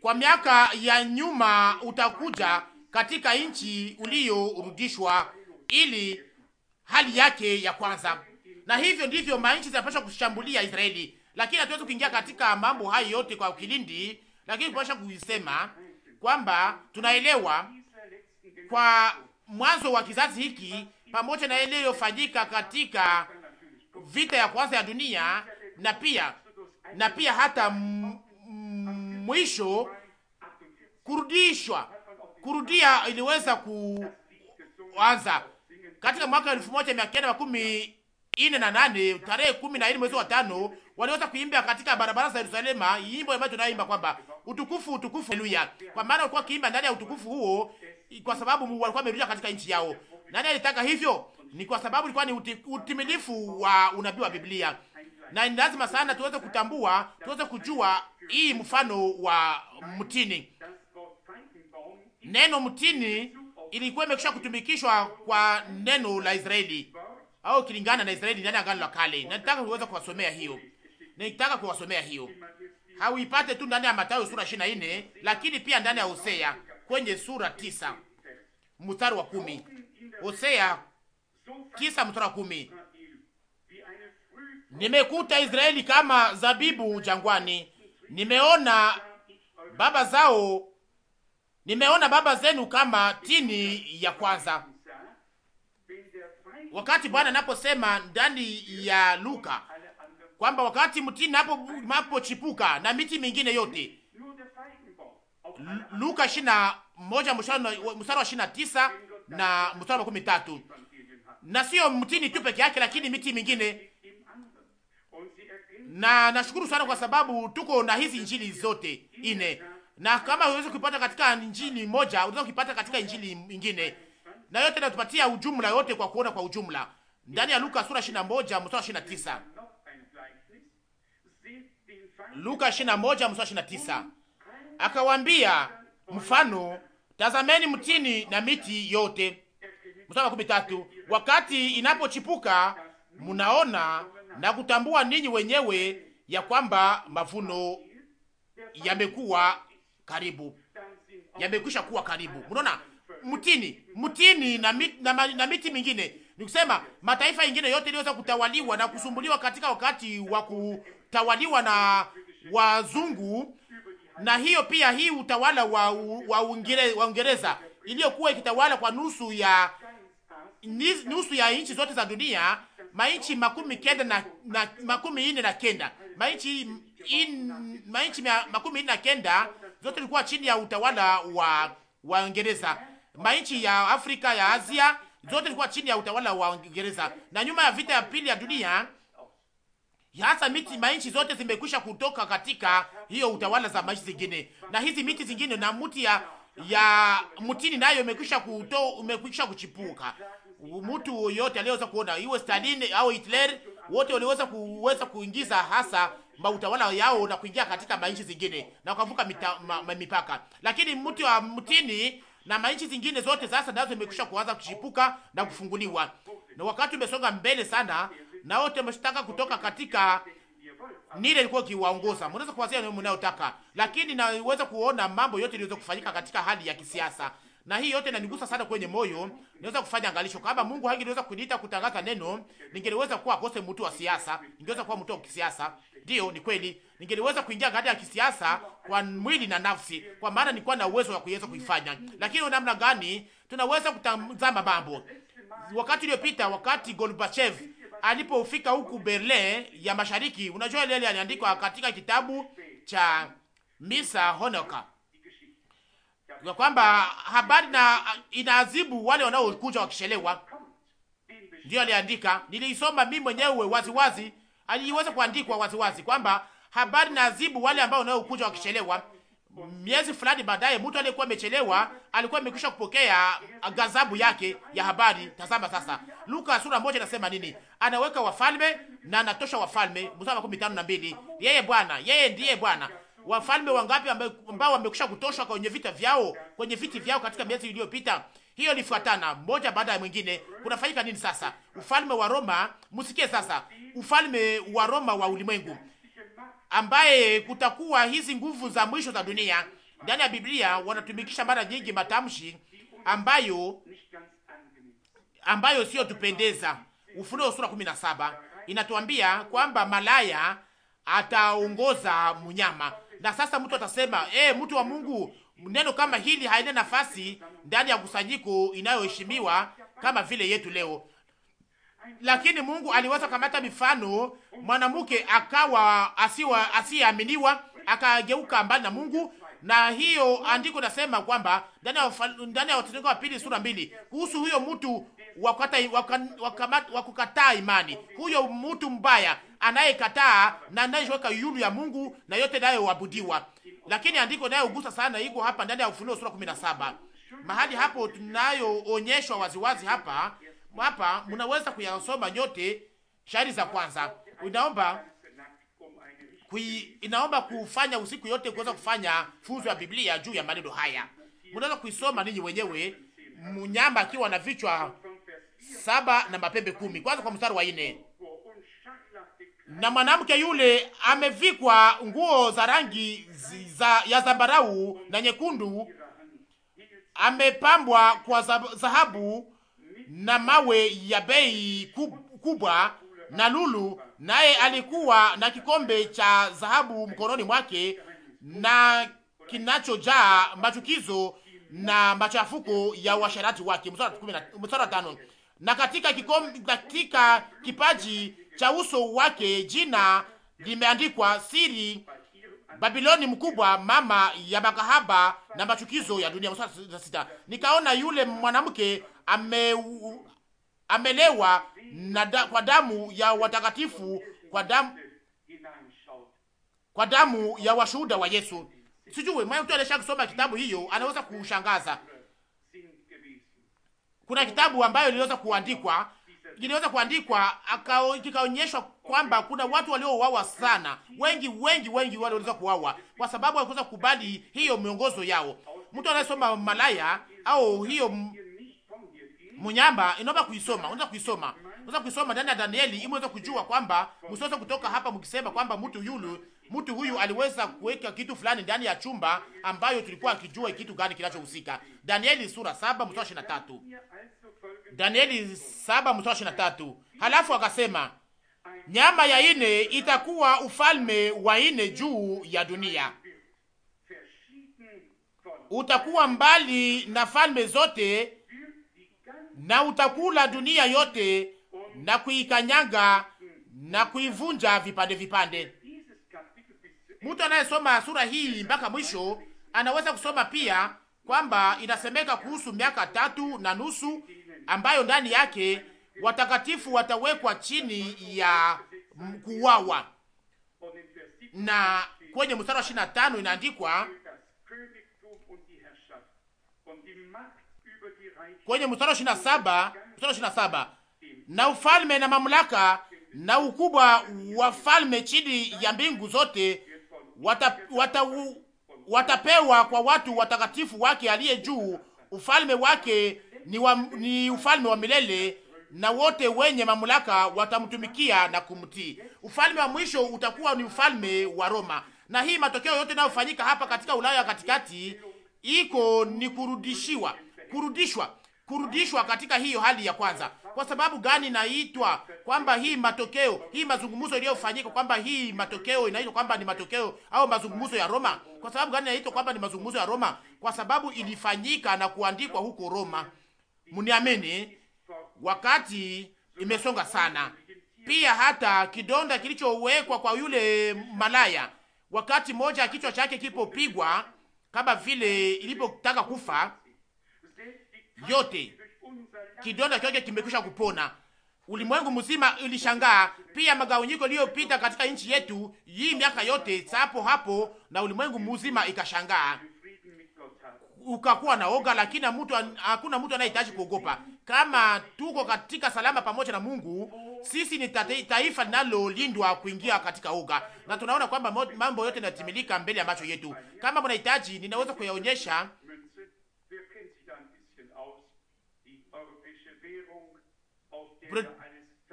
kwa miaka ya nyuma utakuja katika nchi uliyorudishwa ili hali yake ya kwanza. Na hivyo ndivyo manchi zinapaswa kushambulia Israeli lakini hatuwezi kuingia katika mambo hayo yote kwa kilindi, lakini tunapaswa kuisema kwamba tunaelewa kwa mwanzo wa kizazi hiki pamoja na ile iliyofanyika katika vita ya kwanza ya dunia na pia na pia hata mwisho kurudishwa kurudia iliweza kuanza katika mwaka elfu moja mia kenda makumi ine na nane tarehe kumi na nne mwezi wa tano waliweza kuimba katika barabara za Yerusalema yimbo ambayo tunaimba kwamba utukufu utukufu, haleluya, kwa maana walikuwa kiimba ndani ya utukufu huo, kwa sababu walikuwa wamerudi katika nchi yao. Nani alitaka hivyo? Ni kwa sababu ilikuwa ni uti, utimilifu wa unabii wa Biblia, na ni lazima sana tuweze kutambua, tuweze kujua hii mfano wa mtini. Neno mtini ilikuwa imekwisha kutumikishwa kwa neno la Israeli au kilingana na Israeli ndani ya Agano la Kale. Nataka kuweza kuwasomea hiyo, nataka kuwasomea hiyo, hauipate tu ndani ya Mathayo sura 24 lakini pia ndani ya Hosea kwenye sura tisa mstari wa kumi. Hosea tisa mstari wa kumi. Nimekuta Israeli kama zabibu jangwani, nimeona baba zao, nimeona baba zenu kama tini ya kwanza wakati Bwana anaposema ndani ya Luka kwamba wakati mtini napochipuka na miti mingine yote, Luka shina moja mstari wa ishirini na tisa na mstari wa makumi tatu na sio mtini tu peke yake, lakini miti mingine. Na nashukuru sana kwa sababu tuko na hizi injili zote ine, na kama uweze kuipata katika injili moja, unaweza kuipata katika injili ingine na yote natupatia ujumla yote kwa kuona kwa ujumla ndani ya Luka sura 21 mstari wa 29. Luka 21 mstari wa 29, akawaambia mfano, tazameni mtini na miti yote. Mstari wa 13, wakati inapochipuka mnaona na kutambua ninyi wenyewe ya kwamba mavuno yamekuwa karibu, yamekwisha kuwa karibu. Mnaona mtini mtini na, mit, na, na miti mingine, nikusema mataifa mengine yote iliweza kutawaliwa na kusumbuliwa katika wakati wa kutawaliwa na wazungu, na hiyo pia hii utawala wa wa Uingereza iliyokuwa ikitawala kwa nusu ya nusu ya nchi zote za dunia, mainchi makumi kenda na, na makumi nne na kenda mainchi in, mainchi makumi nne na kenda zote ilikuwa chini ya utawala wa Waingereza mainchi ya Afrika ya Asia zote zilikuwa chini ya utawala wa Uingereza, na nyuma ya vita ya pili ya dunia hasa miti mainchi zote zimekwisha kutoka katika hiyo utawala za manchi zingine, na hizi miti zingine na muti ya ya mtini nayo imekwisha kuto umekwisha kuchipuka. Mtu yote aliyeweza kuona iwe Stalin au Hitler, wote waliweza kuweza kuingiza hasa mautawala yao na kuingia katika mainchi zingine na kuvuka mipaka, lakini mti wa mtini na maichi zingine zote sasa nazo zimekwisha kuanza kuchipuka na kufunguliwa, na wakati umesonga mbele sana, na wote mshtaka kutoka katika nile ilikuwa kiwaongoza. Mnaweza kuwazia nini mnayotaka, lakini naweza kuona mambo yote yaliweza kufanyika katika hali ya kisiasa, na hii yote inanigusa sana kwenye moyo. Naweza kufanya angalisho kama Mungu hangeweza kuniita kutangaza neno, ningeweza kuwa kose mtu wa siasa, ningeweza kuwa mtu wa kisiasa. Ndio, ni kweli ningeliweza kuingia kati ya kisiasa kwa mwili na nafsi, kwa maana nilikuwa na uwezo wa kuweza kuifanya. Lakini namna gani tunaweza kutazama mambo? Wakati uliopita, wakati Gorbachev alipofika huku Berlin ya Mashariki, unajua ile aliandikwa katika kitabu cha Misa Honoka ya kwamba habari na inaadhibu wale wanaokuja wakishelewa. Ndio aliandika, niliisoma mimi mwenyewe waziwazi, aliweza kuandikwa waziwazi kwamba habari na azibu wale ambao wanaokuja wakichelewa. Miezi fulani baadaye, mtu aliyekuwa amechelewa alikuwa amekwisha kupokea ghadhabu yake ya habari. Tazama sasa, Luka sura moja inasema nini? Anaweka wafalme na anatosha wafalme. Mstari wa 15 na mbili yeye Bwana, yeye ndiye Bwana. Wafalme wangapi ambao wamekwisha kutoshwa kwenye vita vyao, kwenye viti vyao katika miezi iliyopita? Hiyo ilifuatana moja baada ya mwingine. Kunafanyika nini sasa? Ufalme wa Roma, msikie sasa, ufalme wa Roma wa ulimwengu ambaye kutakuwa hizi nguvu za mwisho za dunia. Ndani ya Biblia wanatumikisha mara nyingi matamshi ambayo ambayo sio tupendeza. Ufunuo sura 17 inatuambia kwamba malaya ataongoza mnyama, na sasa mtu atasema eh, mtu wa Mungu, neno kama hili haina nafasi ndani ya kusanyiko inayoheshimiwa kama vile yetu leo lakini Mungu aliweza kamata mifano mwanamke akawa asiwa asiyeaminiwa akageuka mbali na Mungu, na hiyo andiko nasema kwamba ndani ya Wathesalonike wa pili sura mbili kuhusu huyo mtu wa kukataa imani, huyo mtu mbaya anayekataa na anayeweka yulu ya Mungu na yote nayoabudiwa. Lakini andiko inayogusa sana iko hapa ndani ya Ufunuo sura 17 mahali hapo tunayoonyeshwa waziwazi hapa hapa mnaweza kuyasoma nyote. Shari za kwanza inaomba kui, inaomba kufanya usiku yote kuweza kufanya funzo ya Biblia juu ya maneno haya. Mnaweza kuisoma ninyi wenyewe, mnyama akiwa na vichwa saba na mapembe kumi. Kwanza kwa mstari wa nne, na mwanamke yule amevikwa nguo za rangi za, ya zambarau na nyekundu, amepambwa kwa zahabu na mawe ya bei kubwa na lulu, naye alikuwa na kikombe cha dhahabu mkononi mwake na kinachojaa machukizo na machafuko ya uasharati wake. Mstari tano. Na katika kikombe, katika kipaji cha uso wake jina limeandikwa siri Babiloni mkubwa, mama ya makahaba na machukizo ya dunia. Mstari sita. Nikaona yule mwanamke ame, amelewa na da, kwa damu ya watakatifu kwa damu kwa damu ya washuhuda wa Yesu. Sijui mwa mtu alisha kusoma kitabu hiyo anaweza kushangaza. Kuna kitabu ambayo iliweza kuandikwa iliweza kuandikwa kikaonyeshwa kwamba kuna watu waliouawa sana, wengi wengi wengi waliweza kuuawa kwa sababu hawakuweza kukubali hiyo miongozo yao. Mtu anayesoma Malaya au hiyo Munyamba inaomba kuisoma, unaweza kuisoma. Unaweza kuisoma ndani ya Danieli ili muweze kujua kwamba msiweze kutoka hapa mkisema kwamba mtu yule mtu huyu aliweza kuweka kitu fulani ndani ya chumba ambayo tulikuwa akijua kitu gani kinachohusika. Danieli sura 7 mstari wa tatu. Danieli 7 mstari wa tatu. Halafu akasema nyama ya ine itakuwa ufalme wa ine juu ya dunia utakuwa mbali na falme zote na utakula dunia yote na kuikanyanga na kuivunja vipande vipande. Mtu anayesoma sura hii mpaka mwisho anaweza kusoma pia kwamba inasemeka kuhusu miaka tatu na nusu ambayo ndani yake watakatifu watawekwa chini ya kuwawa, na kwenye mstari wa 25 inaandikwa kwenye mstari saba mstari 27, na ufalme na mamlaka na ukubwa wa falme chini ya mbingu zote wata, wata, watapewa kwa watu watakatifu wake aliye juu. Ufalme wake ni, wa, ni ufalme wa milele na wote wenye mamlaka watamtumikia na kumtii. Ufalme wa mwisho utakuwa ni ufalme wa Roma, na hii matokeo yote inayofanyika hapa katika Ulaya katikati iko ni kurudishiwa, kurudishwa kurudishwa katika hiyo hali ya kwanza. Kwa sababu gani naitwa kwamba hii matokeo, hii mazungumzo iliyofanyika kwamba hii matokeo inaitwa kwamba ni matokeo au mazungumzo ya Roma? Kwa sababu gani naitwa kwamba ni mazungumzo ya Roma? Kwa sababu ilifanyika na kuandikwa huko Roma. Mniamini, wakati imesonga sana. Pia hata kidonda kilichowekwa kwa yule malaya, wakati moja kichwa chake kilipopigwa kama vile ilipotaka kufa yote, kidonda chake kimekwisha kupona. Ulimwengu mzima ulishangaa pia magawanyiko iliyopita katika nchi yetu hii miaka yote sapo hapo, na ulimwengu mzima ikashangaa, ukakuwa na oga, lakini mtu hakuna mtu anayehitaji kuogopa. Kama tuko katika salama pamoja na Mungu, sisi ni taifa linalolindwa kuingia katika oga, na tunaona kwamba mambo yote yanatimilika mbele ya macho yetu. Kama mnahitaji, ninaweza kuyaonyesha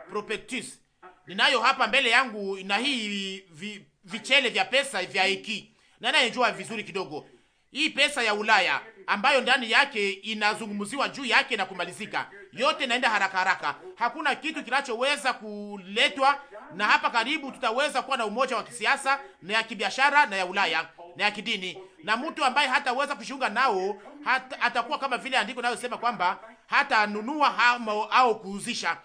prospectus. ninayo hapa mbele yangu na hii vi, vichele vya pesa vya iki na anayejua vizuri kidogo hii pesa ya Ulaya ambayo ndani yake inazungumziwa juu yake na kumalizika yote, naenda haraka haraka, hakuna kitu kinachoweza kuletwa. Na hapa karibu tutaweza kuwa na umoja wa kisiasa na ya kibiashara na ya Ulaya na ya kidini, na mtu ambaye hataweza kushunga nao hata, atakuwa kama vile andiko nayosema kwamba hata anunua au kuuzisha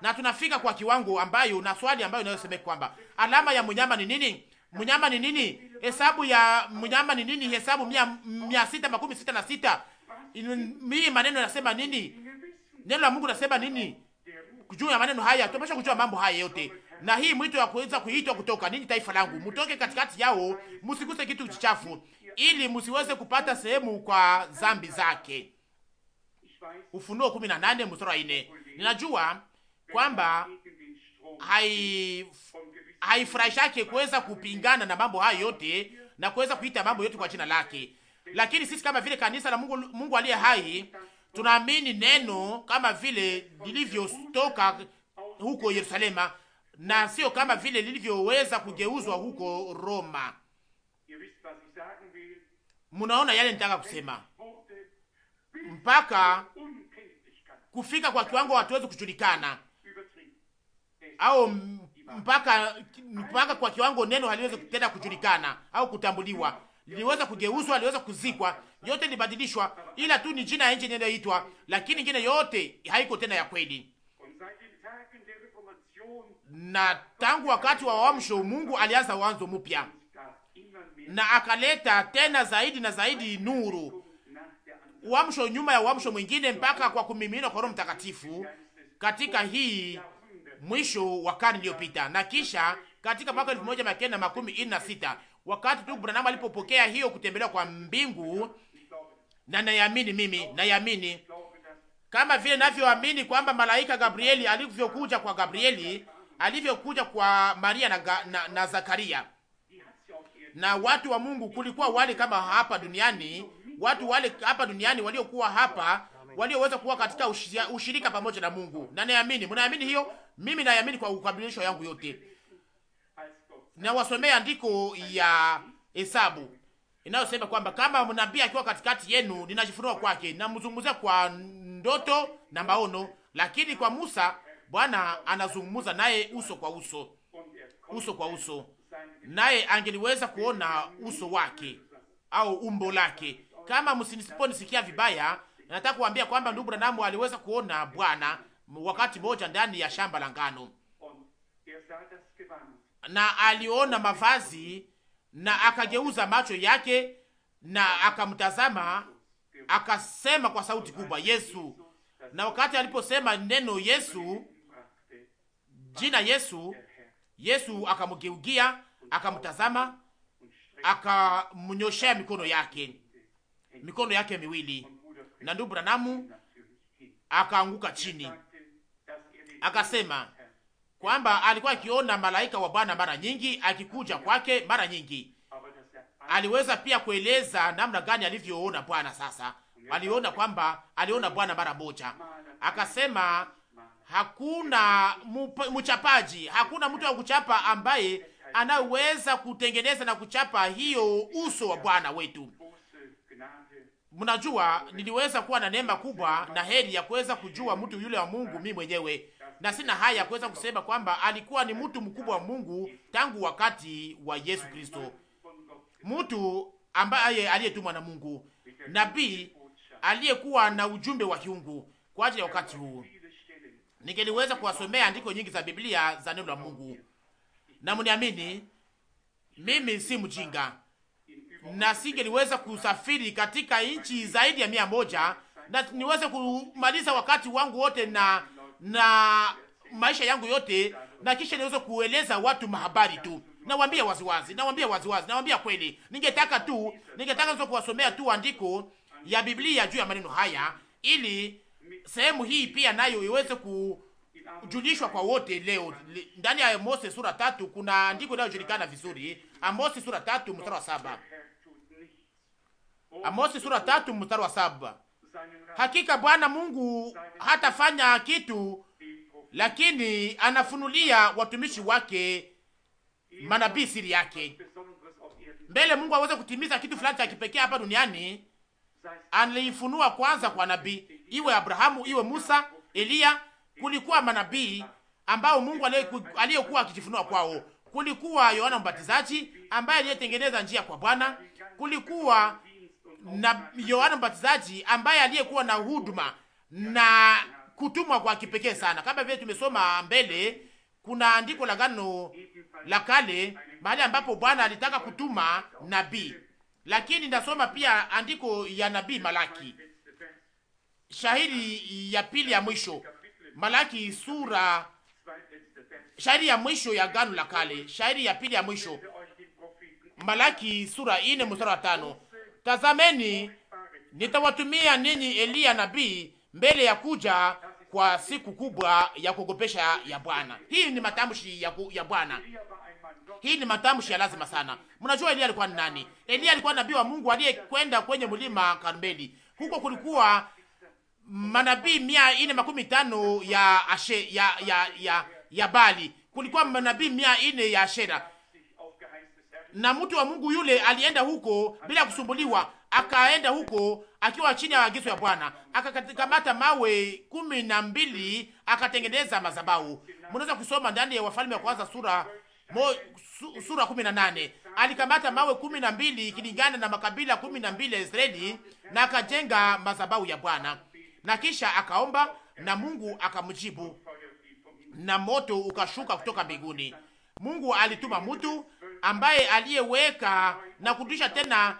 na tunafika kwa kiwango ambayo na swali ambayo inayosemeka kwamba alama ya mnyama ni nini? Mnyama ni nini? Hesabu ya mnyama ni nini? Hesabu mia, mia sita makumi sita na sita mimi maneno yanasema nini? Neno la Mungu nasema nini juu ya maneno haya? Tumesha kujua mambo haya yote, na hii mwito ya kuweza kuitwa kutoka nini, taifa langu, mtoke katikati yao, msiguse kitu kichafu, ili msiweze kupata sehemu kwa zambi zake. Ufunuo 18 mstari wa 4. Ninajua kwamba haifurahishake kuweza kupingana na mambo hayo yote na kuweza kuita mambo yote kwa jina lake. Lakini sisi kama vile kanisa la Mungu, Mungu aliye hai tunaamini neno kama vile lilivyotoka huko Yerusalema na sio kama vile lilivyoweza kugeuzwa huko Roma. Munaona yale nitaka kusema, mpaka kufika kwa kiwango hatuwezi kujulikana au mpaka mpaka kwa kiwango neno haliwezi kutenda kujulikana au kutambuliwa, liliweza kugeuzwa, liweza kuzikwa, yote libadilishwa, ila tu ni jina ya nje inayoitwa, lakini ingine yote haiko tena ya kweli. Na tangu wakati wa wamsho Mungu alianza wanzo mpya na akaleta tena zaidi na zaidi nuru, wamsho nyuma ya wamsho mwingine, mpaka kwa kumiminwa kwa Roho Mtakatifu katika hii mwisho wa karne iliyopita, na kisha katika mwaka elfu moja mia kenda makumi ine na sita wakati tu Branham alipopokea hiyo kutembelewa kwa mbingu, na nayamini mimi, nayamini kama vile navyoamini kwamba malaika Gabrieli alivyokuja kwa Gabrieli alivyokuja kwa Maria na, na, na Zakaria na watu wa Mungu. Kulikuwa wale kama hapa duniani, watu wale hapa duniani waliokuwa hapa walioweza kuwa katika ushirika pamoja na Mungu, na naamini, mnaamini hiyo? Mimi naamini kwa ukamilisho yangu yote. Na wasomea andiko ya Hesabu inayosema kwamba kama mnabii akiwa katikati yenu, ninajifunua kwake, namzungumzia kwa ndoto na maono, lakini kwa Musa Bwana anazungumza naye uso kwa uso, uso kwa uso, naye angeliweza kuona uso wake au umbo lake. Kama msiponisikia vibaya nataka kuambia kwamba ndugu Branham aliweza kuona Bwana wakati mmoja ndani ya shamba la ngano, na aliona mavazi na akageuza macho yake na akamtazama, akasema kwa sauti kubwa, Yesu. Na wakati aliposema neno Yesu, jina Yesu, Yesu akamgeugia akamtazama, akamnyoshea mikono yake, mikono yake miwili na ndugu Branamu akaanguka chini, akasema kwamba alikuwa akiona malaika wa Bwana mara nyingi akikuja kwake mara nyingi. Aliweza pia kueleza namna gani alivyoona Bwana. Sasa aliona kwamba aliona Bwana mara moja, akasema hakuna mchapaji, hakuna mtu wa kuchapa ambaye anaweza kutengeneza na kuchapa hiyo uso wa Bwana wetu. Mnajua niliweza kuwa na neema kubwa na heri ya kuweza kujua mtu yule wa Mungu mimi mwenyewe, na sina haya ya kuweza kusema kwamba alikuwa ni mtu mkubwa wa Mungu tangu wakati wa Yesu Kristo, mtu ambaye aliyetumwa na Mungu, nabii aliyekuwa na ujumbe wa kiungu kwa ajili ya wakati huu. Ningeliweza kuwasomea andiko nyingi za Biblia za neno la Mungu, na mniamini, mimi si mjinga na singeliweza kusafiri katika nchi zaidi ya mia moja na niweze kumaliza wakati wangu wote na na maisha yangu yote, na kisha niweze kueleza watu mahabari tu. Nawaambia waziwazi, nawaambia waziwazi, nawaambia kweli. Ningetaka tu, ningetaka niweze kuwasomea tu andiko ya Biblia juu ya maneno haya, ili sehemu hii pia nayo iweze kujulishwa kwa wote leo. Ndani ya Mose sura tatu kuna andiko linalojulikana vizuri, Amosi sura tatu mstari wa saba. Amosi sura tatu mstari wa saba. Hakika Bwana Mungu hatafanya kitu, lakini anafunulia watumishi wake manabii siri yake. Mbele Mungu aweze kutimiza kitu fulani cha kipekee hapa duniani, aliifunua kwanza kwa nabii, iwe Abrahamu, iwe Musa, Eliya. Kulikuwa manabii ambao Mungu aliyekuwa akijifunua kwao. Kulikuwa Yohana Mbatizaji ambaye aliyetengeneza njia kwa Bwana. Kulikuwa na Yohana Mbatizaji ambaye aliyekuwa na huduma na kutumwa kwa kipekee sana. Kama vile tumesoma mbele, kuna andiko la gano la kale mahali ambapo Bwana alitaka kutuma nabii, lakini nasoma pia andiko ya nabii Malaki, shahiri ya pili ya mwisho, Malaki sura, shahiri ya mwisho ya gano la kale, shahiri ya pili ya mwisho, Malaki sura ine mstari wa tano tazameni, nitawatumia ninyi Eliya nabii mbele ya kuja kwa siku kubwa ya kuogopesha ya Bwana. Hii ni matamshi ya, ya Bwana. Hii ni matamshi ya lazima sana. Mnajua Eliya alikuwa ni nani? Eliya alikuwa nabii wa Mungu aliyekwenda kwenye mlima Karmeli. Huko kulikuwa manabii mia ine makumi tano ya, ashe, ya, ya, ya, ya Bali. Kulikuwa manabii mia ine ya Ashera na mtu wa Mungu yule alienda huko bila kusumbuliwa, akaenda huko akiwa chini ya agizo ya Bwana, akakamata mawe kumi na mbili akatengeneza madhabahu. Mnaweza kusoma ndani ya Wafalme wa kwanza sura mo, su, sura kumi na nane. Alikamata mawe kumi na mbili ikilingana na makabila kumi na mbili ya Israeli na akajenga madhabahu ya Bwana, na kisha akaomba na Mungu akamjibu na moto ukashuka kutoka mbinguni. Mungu alituma mtu ambaye aliyeweka na kudisha tena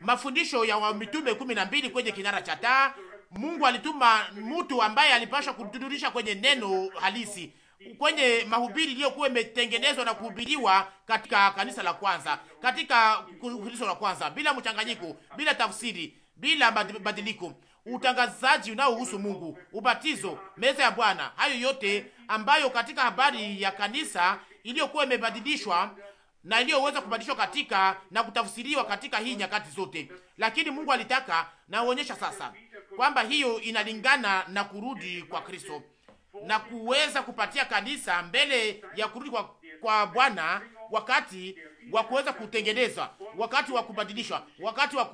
mafundisho ya mitume kumi na mbili kwenye kinara cha taa. Mungu alituma mtu ambaye alipasha kutudurisha kwenye neno halisi, kwenye mahubiri iliyokuwa imetengenezwa na kuhubiriwa katika kanisa la kwanza, katika kanisa la kwanza, bila mchanganyiko, bila tafsiri, bila badiliko, utangazaji unaohusu Mungu, ubatizo, meza ya Bwana, hayo yote ambayo katika habari ya kanisa iliyokuwa imebadilishwa na iliyoweza kubadilishwa katika na kutafsiriwa katika hii nyakati zote, lakini Mungu alitaka naonyesha sasa kwamba hiyo inalingana na kurudi kwa Kristo na kuweza kupatia kanisa mbele ya kurudi kwa, kwa Bwana wakati wa kuweza kutengenezwa, wakati wa kubadilishwa, wakati wa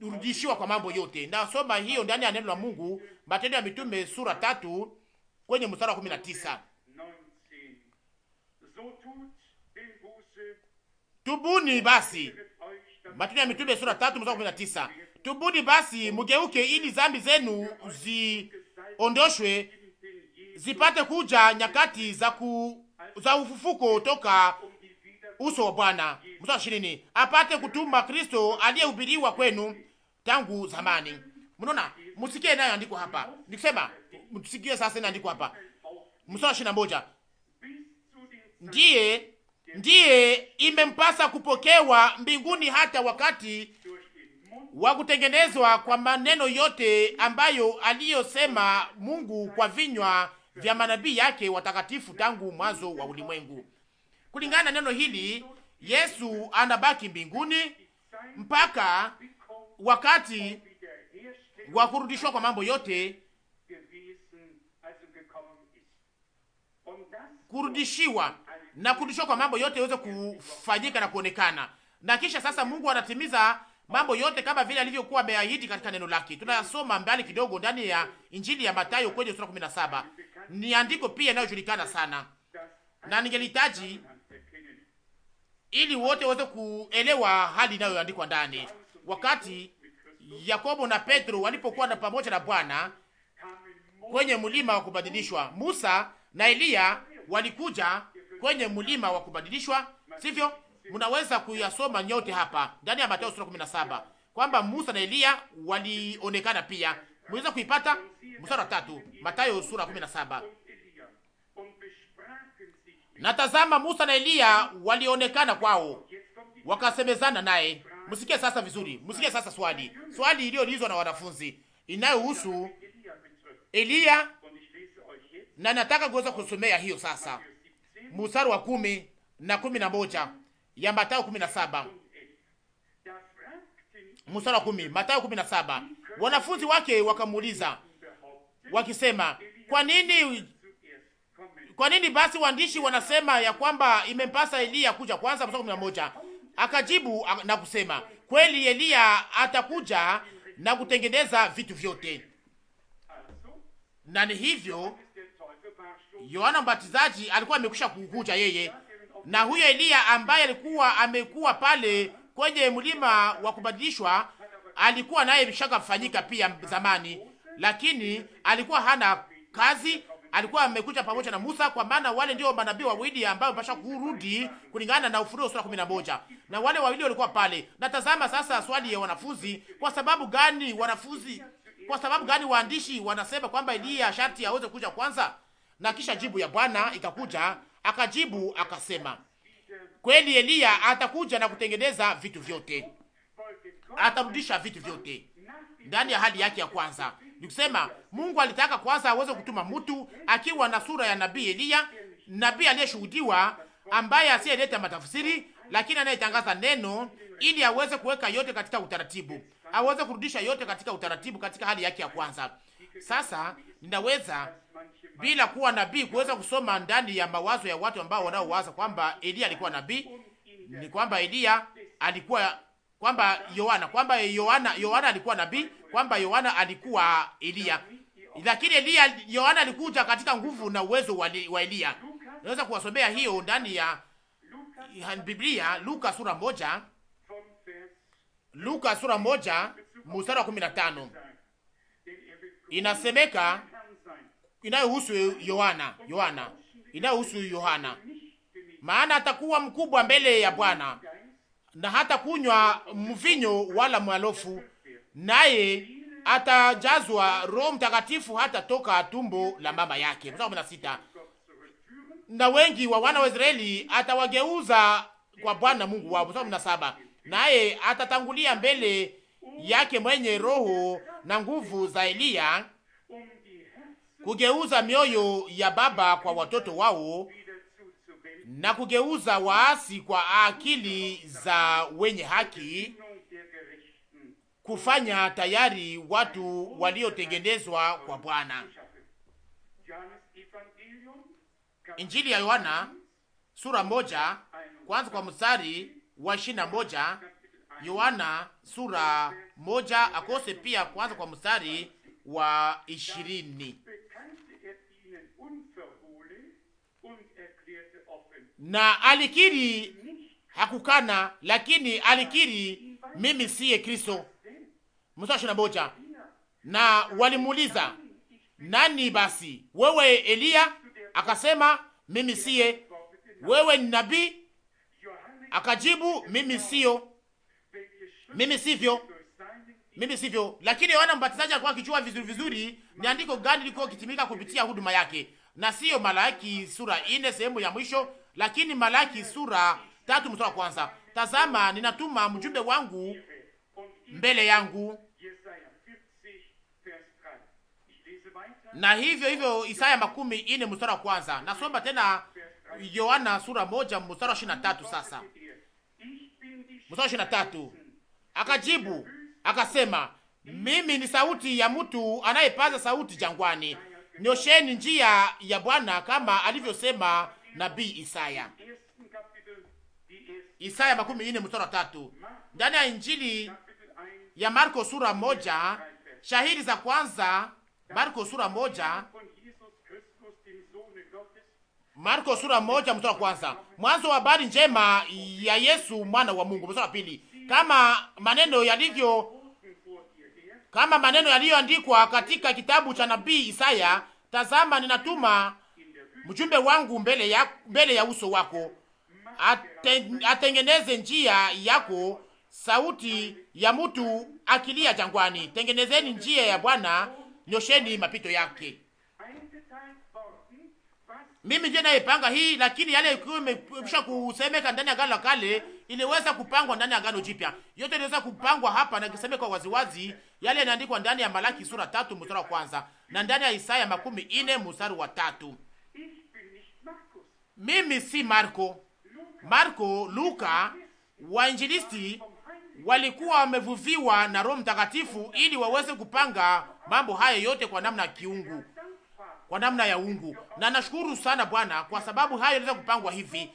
kurudishiwa kwa mambo yote. Nasoma hiyo ndani ya neno la Mungu, Matendo ya Mitume sura tatu kwenye mstari wa 19. Tubuni basi, Matendo ya Mitume sura tatu mstari kumi tisa. Tubuni basi mugeuke, ili zambi zenu ziondoshwe, zipate kuja nyakati za, ku, za ufufuko toka uso wa Bwana. Mstari ishirini, apate kutuma Kristo aliyehubiriwa kwenu tangu zamani. Mnaona, msikie nayo andiko hapa nikisema, msikie sasa inaandikwa hapa, mstari ishirini na moja ndiye ndiye imempasa kupokewa mbinguni hata wakati wa kutengenezwa kwa maneno yote ambayo aliyosema Mungu kwa vinywa vya manabii yake watakatifu tangu mwanzo wa ulimwengu. Kulingana na neno hili, Yesu anabaki mbinguni mpaka wakati wa kurudishwa kwa mambo yote, kurudishiwa na kurudishwa kwa mambo yote iweze kufanyika na kuonekana, na kisha sasa Mungu anatimiza mambo yote kama vile alivyokuwa ameahidi katika neno lake. Tunasoma mbali kidogo ndani ya Injili ya Mathayo kwenye sura 17. Ni andiko pia inayojulikana sana na ningelihitaji ili wote waweze kuelewa hali inayoandikwa ndani. Wakati Yakobo na Petro walipokuwa na pamoja na Bwana kwenye mlima wa kubadilishwa, Musa na Eliya walikuja kwenye mlima wa kubadilishwa, sivyo? Mnaweza kuyasoma nyote hapa ndani ya Mathayo sura 17 kwamba Musa na Eliya walionekana pia. Mnaweza kuipata mstari wa tatu, Mathayo sura 17. Natazama, Musa na Eliya walionekana kwao, wakasemezana naye. Msikie sasa vizuri, msikie sasa swali, swali iliyoulizwa na wanafunzi inayohusu Eliya, na nataka kuweza kusomea hiyo sasa mstari wa kumi na kumi na moja ya Mathayo kumi na saba mstari wa kumi Mathayo kumi na saba Wanafunzi wake wakamuuliza wakisema, kwa nini kwa nini basi waandishi wanasema ya kwamba imempasa Eliya kuja kwanza? Mstari wa 11 akajibu na kusema, kweli Eliya atakuja na kutengeneza vitu vyote. Na ni hivyo Yohana Mbatizaji alikuwa amekwisha kukuja yeye, na huyo Eliya ambaye alikuwa amekuwa pale kwenye mlima wa kubadilishwa alikuwa naye shaka kufanyika pia zamani, lakini alikuwa hana kazi. Alikuwa amekuja pamoja na Musa, kwa maana wale ndio manabii wawili ambao wamepasha kurudi kulingana na Ufunuo sura 11, na wale wawili walikuwa pale. Natazama sasa swali ya wanafunzi, kwa sababu gani wanafunzi, kwa sababu gani waandishi wanasema kwamba Eliya sharti aweze kuja kwanza? Na kisha jibu ya Bwana ikakuja, akajibu akasema, kweli Eliya atakuja na kutengeneza vitu vyote, atarudisha vitu vyote ndani ya hali yake ya kwanza. kusema Mungu alitaka kwanza aweze kutuma mtu akiwa na sura ya nabii Eliya, nabii aliyeshuhudiwa, ambaye asiyeleta matafsiri, lakini anayetangaza neno, ili aweze kuweka yote katika utaratibu, aweze kurudisha yote katika utaratibu, katika hali yake ya kwanza. Sasa ninaweza bila kuwa nabii kuweza kusoma ndani ya mawazo ya watu ambao wanaowaza kwamba Eliya alikuwa nabii, ni kwamba Eliya alikuwa kwamba Yohana kwamba Yohana Yohana alikuwa nabii, kwamba Yohana alikuwa Eliya, lakini Eliya Yohana alikuja katika nguvu na uwezo wa Eliya. Naweza kuwasomea hiyo ndani ya Biblia, Luka sura moja, Luka sura moja mstari wa inasemeka inayohusu Yohana, Yohana inayohusu Yohana, maana atakuwa mkubwa mbele ya Bwana na hata kunywa mvinyo wala mwalofu, naye atajazwa Roho Mtakatifu hata toka tumbo la mama yake. Mstari kumi na sita, na wengi wa wana wa Israeli atawageuza kwa Bwana Mungu wao. Mstari kumi na saba, naye atatangulia mbele yake mwenye roho na nguvu za Eliya kugeuza mioyo ya baba kwa watoto wao na kugeuza waasi kwa akili za wenye haki, kufanya tayari watu waliotengenezwa kwa Bwana. Injili ya Yohana sura moja kwanza kwa mstari wa ishirini na moja Yohana sura moja akose pia kwanza kwa mstari wa ishirini na alikiri hakukana, lakini alikiri mimi siye Kristo. Mstari ishirini na moja na walimuuliza nani basi wewe Eliya? Akasema mimi siye. Wewe ni nabii? Akajibu mimi siyo. Mimi sivyo, mimi sivyo. Lakini Yohana Mbatizaji alikuwa akijua vizuri vizuri ni andiko gani liko kitimika kupitia huduma yake, na siyo Malaki sura ine sehemu ya mwisho, lakini Malaki sura tatu mstari wa kwanza, tazama ninatuma mjumbe wangu mbele yangu na hivyo hivyo Isaya makumi ine mstari wa kwanza. Nasoma tena Yohana sura moja mstari wa ishirini na tatu sasa, mstari wa ishirini na tatu Akajibu akasema, mimi ni sauti ya mtu anayepaza sauti jangwani, nyosheni njia ya Bwana kama alivyosema nabii Isaya. Isaya makumi ine mstari wa tatu ndani ya Injili ya Marko sura moja shahidi za kwanza Marko sura moja Marko sura moja mstari wa kwanza mwanzo wa habari njema ya Yesu mwana wa Mungu. Mstari wa pili kama maneno yalivyo kama maneno yaliyoandikwa katika kitabu cha nabii Isaya, tazama ninatuma mjumbe wangu mbele ya, mbele ya uso wako atengeneze njia yako, sauti ya mtu akilia jangwani. Tengenezeni njia ya Bwana, nyosheni mapito yake. Mimi ndiye nayepanga hii, lakini yale ikiwa imekwisha kusemeka ndani ya gano la kale iliweza kupangwa ndani ya Agano Jipya. Yote iliweza kupangwa hapa na kisemeka kwa waziwazi yale yanaandikwa ndani ya Malaki sura tatu mstari wa kwanza na ndani ya Isaya makumi ine mstari wa tatu. Mimi si Marko. Marko, Luka wainjilisti walikuwa wamevuviwa na Roho Mtakatifu ili waweze kupanga mambo haya yote kwa namna ya kiungu, kwa namna ya ungu. Na nashukuru sana Bwana kwa sababu hayo yaliweza kupangwa hivi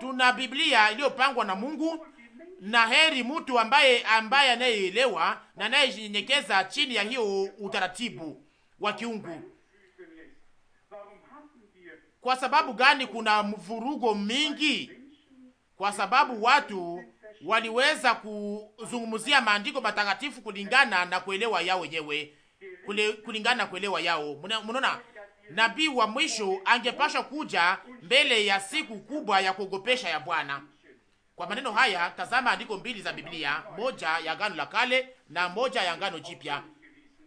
tuna Biblia iliyopangwa na Mungu, na heri mtu ambaye ambaye anayeelewa na anayenyenyekeza chini ya hiyo utaratibu wa kiungu. Kwa sababu gani kuna mvurugo mingi? Kwa sababu watu waliweza kuzungumzia maandiko matakatifu kulingana na kuelewa yao wenyewe, kulingana na kuelewa yao. Mnaona nabii wa mwisho angepasha kuja mbele ya siku kubwa ya kuogopesha ya Bwana. Kwa maneno haya, tazama andiko mbili za Biblia, moja ya Agano la Kale na moja ya Agano Jipya.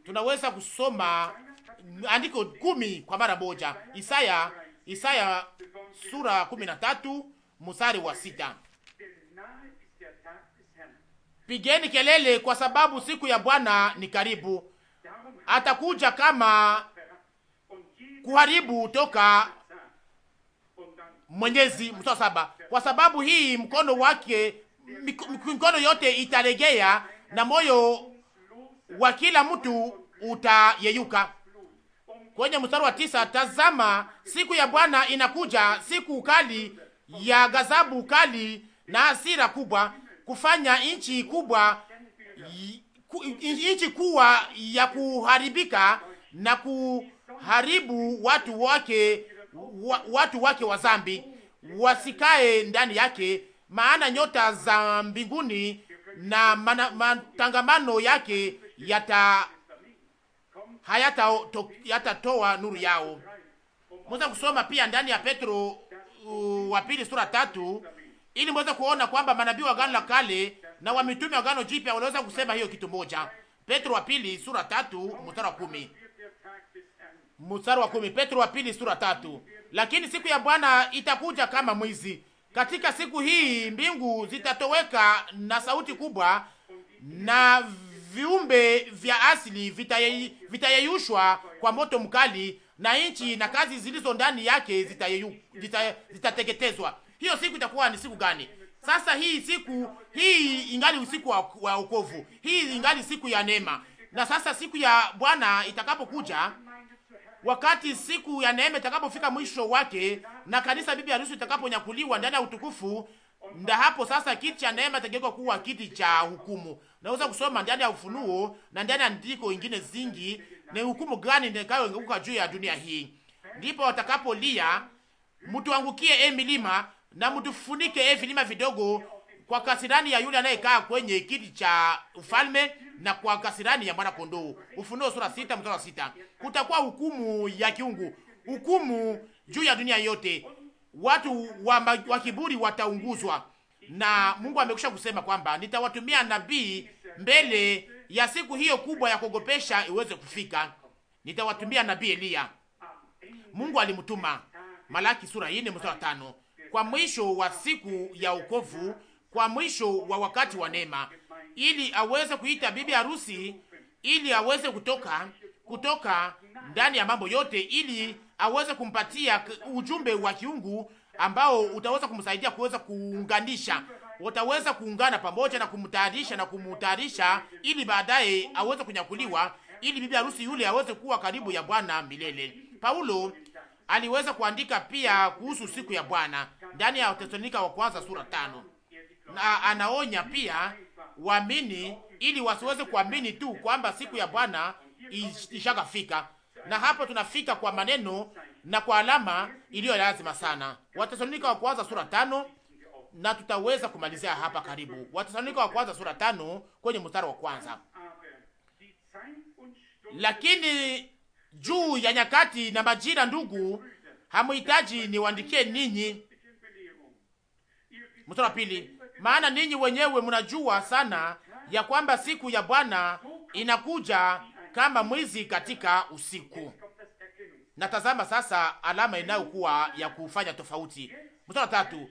Tunaweza kusoma andiko kumi kwa mara moja. Isaya, Isaya sura 13 mstari wa sita. Pigeni kelele kwa sababu siku ya Bwana ni karibu, atakuja kama kuharibu toka Mwenyezi. Mstari wa saba, kwa sababu hii mkono wake mikono yote italegea na moyo wa kila mtu utayeyuka. Kwenye mstari wa tisa, tazama siku ya Bwana inakuja, siku kali ya ghadhabu kali na hasira kubwa, kufanya nchi kubwa nchi kuwa ya kuharibika na ku haribu watu wake wa, watu wake wa zambi wasikae ndani yake, maana nyota za mbinguni na mana, matangamano yake yata hayatatoa yata nuru yao. Mweza kusoma pia ndani ya Petro wa pili sura tatu ili mweze kuona kwamba manabii wa gano la Kale na mitume wa gano Jipya waliweza kusema hiyo kitu moja. Petro wa pili sura tatu mstari wa kumi mstari wa kumi, Petro wa pili sura tatu. Lakini siku ya Bwana itakuja kama mwizi, katika siku hii mbingu zitatoweka na sauti kubwa, na viumbe vya asili vitayeyushwa kwa moto mkali, na nchi na kazi zilizo ndani yake zitateketezwa. Hiyo siku itakuwa ni siku gani? Sasa hii siku hii ingali usiku wa, wa wokovu. Hii ingali siku ya neema, na sasa siku ya Bwana itakapokuja wakati siku ya neema itakapofika mwisho wake na kanisa bibi harusi itakaponyakuliwa ndani ya utukufu, nda hapo sasa kiti cha neema itageuka kuwa kiti cha hukumu. Naweza kusoma ndani ya Ufunuo na ndani ya ndiko ingine zingi, ni hukumu gani itakayogeuka juu ya dunia hii. Ndipo watakapolia, mtuangukie e milima na mtufunike e vilima vidogo kwa kasirani ya yule anayekaa kwenye kiti cha ufalme na kwa kasirani ya mwana kondoo. Ufunuo sura sita mstari wa sita. Kutakuwa hukumu ya kiungu, hukumu juu ya dunia yote. Watu wa, wa kiburi wataunguzwa, na Mungu amekwisha kusema kwamba nitawatumia nabii mbele ya siku hiyo kubwa ya kuogopesha iweze kufika. Nitawatumia nabii Eliya. Mungu alimtuma Malaki sura 4 mstari wa 5. Kwa mwisho wa siku ya ukovu kwa mwisho wa wakati wa neema, ili aweze kuita bibi harusi, ili aweze kutoka kutoka ndani ya mambo yote, ili aweze kumpatia ujumbe wa kiungu ambao utaweza kumsaidia kuweza kuunganisha, utaweza kuungana pamoja na kumtayarisha na kumutayarisha, ili baadaye aweze kunyakuliwa, ili bibi harusi yule aweze kuwa karibu ya Bwana milele. Paulo aliweza kuandika pia kuhusu siku ya Bwana ndani ya Tesalonika wa kwanza sura tano na anaonya pia waamini ili wasiweze kuamini tu kwamba siku ya Bwana ishakafika. Na hapo tunafika kwa maneno na kwa alama iliyo lazima sana. Watesalonika wa kwanza sura tano na tutaweza kumalizia hapa karibu. Watesalonika wa kwanza sura tano kwenye mstari wa kwanza. Lakini juu ya nyakati na majira, ndugu, hamuhitaji niwaandikie ninyi. Mstari wa pili maana ninyi wenyewe mnajua sana ya kwamba siku ya Bwana inakuja kama mwizi katika usiku. Natazama sasa alama inayokuwa ya kufanya tofauti. Mstari tatu,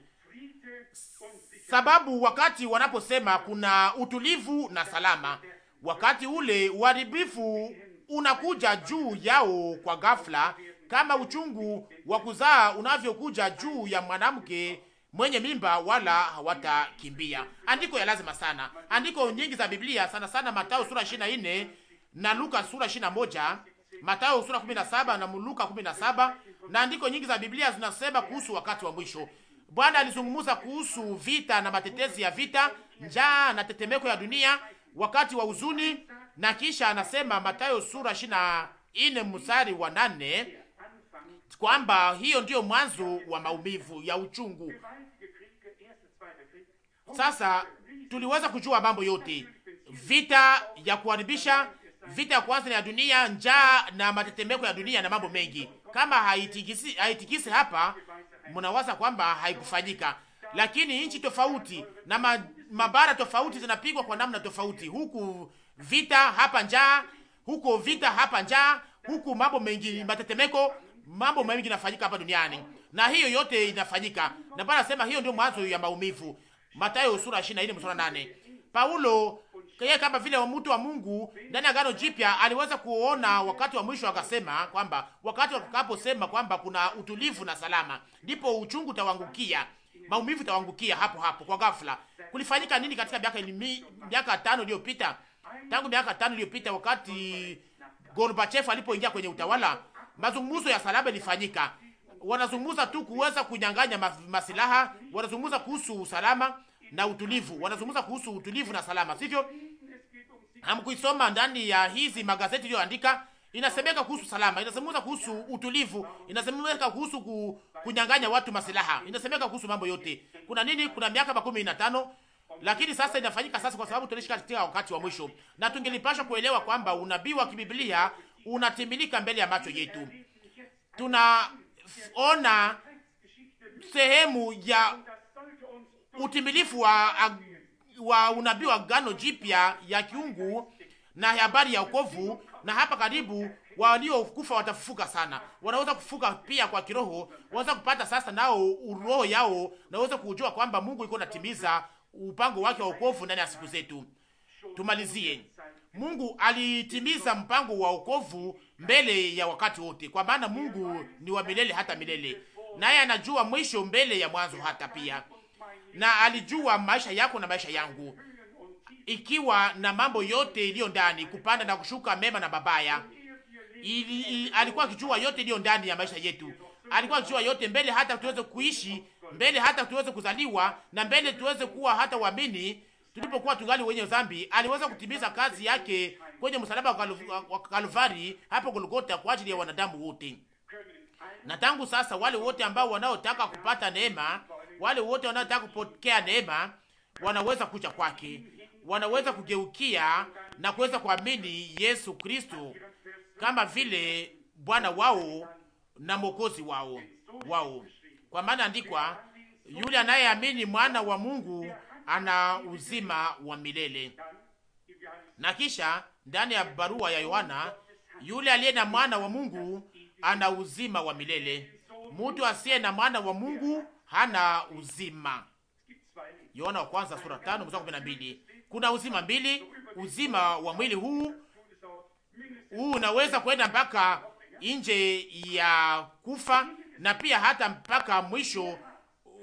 sababu wakati wanaposema kuna utulivu na salama, wakati ule uharibifu unakuja juu yao kwa ghafla, kama uchungu wa kuzaa unavyokuja juu ya mwanamke mwenye mimba wala hawatakimbia. Andiko ya lazima sana, andiko nyingi za Biblia sana sana, Mathayo sura 24 na Luka sura 21, Mathayo sura 17 na Luka 17, na andiko nyingi za Biblia zinasema kuhusu wakati wa mwisho. Bwana alizungumza kuhusu vita na matetezi ya vita, njaa na tetemeko ya dunia, wakati wa huzuni, na kisha anasema Mathayo sura 24 mstari wa 8 kwamba hiyo ndiyo mwanzo wa maumivu ya uchungu sasa tuliweza kujua mambo yote, vita ya kuharibisha, vita ya kwanza ya dunia, njaa na matetemeko ya dunia na mambo mengi. Kama haitikisi, haitikisi hapa, mnawaza kwamba haikufanyika, lakini nchi tofauti na ma, mabara tofauti zinapigwa kwa namna tofauti, huku vita hapa njaa, huko vita hapa njaa, huku mambo mengi, matetemeko, mambo mengi inafanyika hapa duniani, na hiyo yote inafanyika, na Bwana anasema hiyo ndio mwanzo ya maumivu Mathayo sura 24 mstari nane. Paulo kaya kama vile wa mtu wa Mungu ndani ya Agano Jipya aliweza kuona wakati wa mwisho, akasema kwamba wakati watakaposema kwamba kuna utulivu na salama, ndipo uchungu utawangukia, maumivu utawangukia hapo hapo kwa ghafla. Kulifanyika nini katika miaka miaka tano iliyopita? Tangu miaka tano iliyopita wakati Gorbachev alipoingia kwenye utawala, mazungumzo ya salama ilifanyika. Wanazungumza tu kuweza kunyang'anya masilaha, wanazungumza kuhusu usalama na utulivu. Wanazungumza kuhusu utulivu na salama, sivyo? Hamkuisoma ndani ya hizi magazeti iliyoandika inasemeka kuhusu salama, inasemeka kuhusu utulivu, inasemeka kuhusu ku, kunyang'anya watu masilaha, inasemeka kuhusu mambo yote. Kuna nini? Kuna miaka makumi na tano, lakini sasa inafanyika sasa, kwa sababu tunaishi katika wakati wa mwisho, na tungelipasha kuelewa kwamba unabii wa kibiblia unatimilika mbele ya macho yetu. Tunaona sehemu ya utimilifu wa, wa unabii wa gano jipya ya kiungu na habari ya wokovu. Na hapa karibu waliokufa watafufuka sana, wanaweza kufuka pia kwa kiroho, wanaweza kupata sasa nao roho yao, na waweza kujua kwamba Mungu yuko natimiza upango wake wa wokovu ndani ya siku zetu. Tumalizie, Mungu alitimiza mpango wa wokovu mbele ya wakati wote, kwa maana Mungu ni wa milele hata milele, naye anajua mwisho mbele ya mwanzo hata pia na alijua maisha yako na maisha yangu, ikiwa na mambo yote iliyo ndani, kupanda na kushuka, mema na mabaya. Ili, ili, alikuwa akijua yote iliyo ndani ya maisha yetu, alikuwa akijua yote mbele, hata tuweze kuishi mbele, hata tuweze kuzaliwa na mbele, tuweze kuwa hata waamini tulipokuwa tungali wenye dhambi. Aliweza kutimiza kazi yake kwenye msalaba wa Kalvari hapo Golgotha kwa ajili ya wanadamu wote, na tangu sasa wale wote ambao wanaotaka kupata neema wale wote wanaotaka kupokea neema wanaweza kuja kwake, wanaweza kugeukia na kuweza kuamini Yesu Kristo kama vile Bwana wao na Mwokozi wao wao, kwa maana andikwa, yule anayeamini mwana wa Mungu ana uzima wa milele. Na kisha ndani ya barua ya Yohana, yule aliye na mwana wa Mungu ana uzima wa milele. Mtu asiye na mwana wa Mungu hana uzima. Yohana wa kwanza sura tano mstari kumi na mbili. Kuna uzima mbili, uzima wa mwili huu huu unaweza kwenda mpaka nje ya kufa na pia hata mpaka mwisho,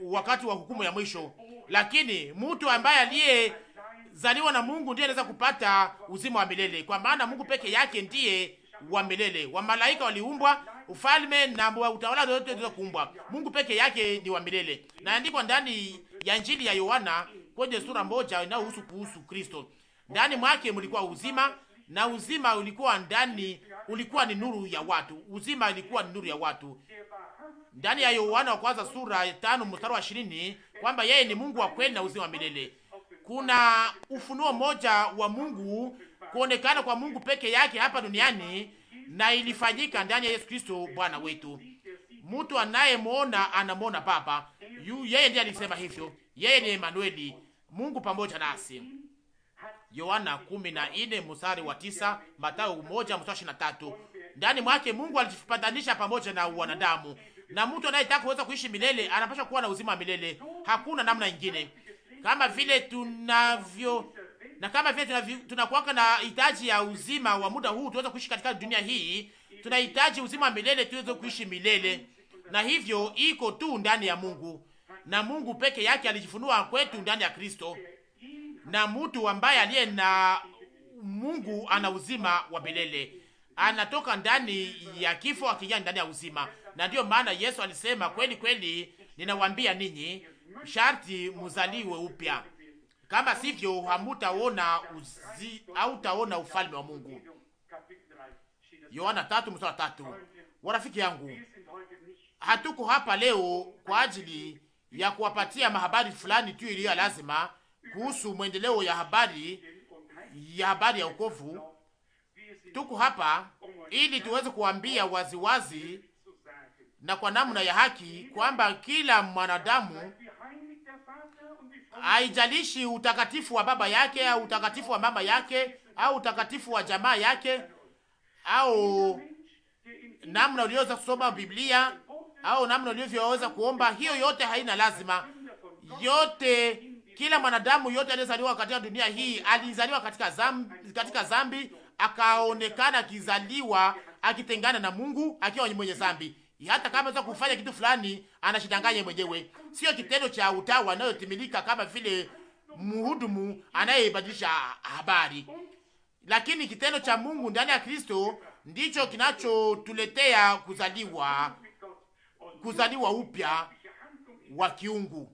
wakati wa hukumu ya mwisho. Lakini mtu ambaye aliyezaliwa na Mungu ndiye anaweza kupata uzima wa milele, kwa maana Mungu peke yake ndiye wa milele. Wamalaika waliumbwa ufalme na utawala zote kumbwa. Mungu peke yake ni wa milele. Naandikwa ndani ya Injili ya Yohana kwenye sura moja inayohusu kuhusu Kristo. Ndani mwake mlikuwa uzima na uzima ulikuwa ndani, ulikuwa ni nuru ya watu. Uzima ilikuwa ni nuru ya watu. Ndani ya Yohana wa kwanza sura tano mstari wa ishirini kwamba yeye ni Mungu wa kweli na uzima wa milele. Kuna ufunuo moja wa Mungu, kuonekana kwa Mungu peke yake hapa duniani na ilifanyika ndani ya Yesu Kristo Bwana wetu. Mtu anayemwona anamwona Baba. Yu Yeye ndiye alisema hivyo, yeye ni Emanueli, Mungu pamoja nasi. Yohana 14 mstari wa 9, Mathayo 1 mstari wa 23. Ndani mwake Mungu alijipatanisha pamoja na wanadamu, na mtu anayetaka kuweza kuishi milele anapaswa kuwa na uzima wa milele, hakuna namna nyingine, kama vile tunavyo na kama vile tunakuwaka na hitaji ya uzima wa muda huu tuweze kuishi katika dunia hii, tunahitaji uzima wa milele tuweze kuishi milele, na hivyo iko tu ndani ya Mungu, na Mungu peke yake alijifunua kwetu ndani ya Kristo, na mtu ambaye aliye na Mungu ana uzima wa milele, anatoka ndani ya kifo akija ndani ya uzima. Na ndiyo maana Yesu alisema kweli kweli, ninawaambia ninyi, sharti muzaliwe upya kama sivyo, hamutaona uzi taona ufalme wa Mungu. Yohana tatu mstari tatu. Warafiki yangu, hatuko hapa leo kwa ajili ya kuwapatia mahabari fulani tu iliyo lazima kuhusu mwendeleo ya habari ya habari ya wokovu. Tuko hapa ili tuweze kuambia waziwazi na kwa namna ya haki kwamba kila mwanadamu haijalishi utakatifu wa baba yake au utakatifu wa mama yake au utakatifu wa jamaa yake au namna ulioweza kusoma Biblia au namna ulivyoweza kuomba, hiyo yote haina lazima. Yote, kila mwanadamu yote aliyezaliwa katika dunia hii alizaliwa katika zambi, katika zambi akaonekana akizaliwa akitengana na Mungu akiwa mwenye zambi hata kama za kufanya kitu fulani, anashidanganya mwenyewe. Sio kitendo cha utawa anayotimilika kama vile mhudumu anayebadilisha habari, lakini kitendo cha Mungu ndani ya Kristo ndicho kinachotuletea kuzaliwa, kuzaliwa upya wa kiungu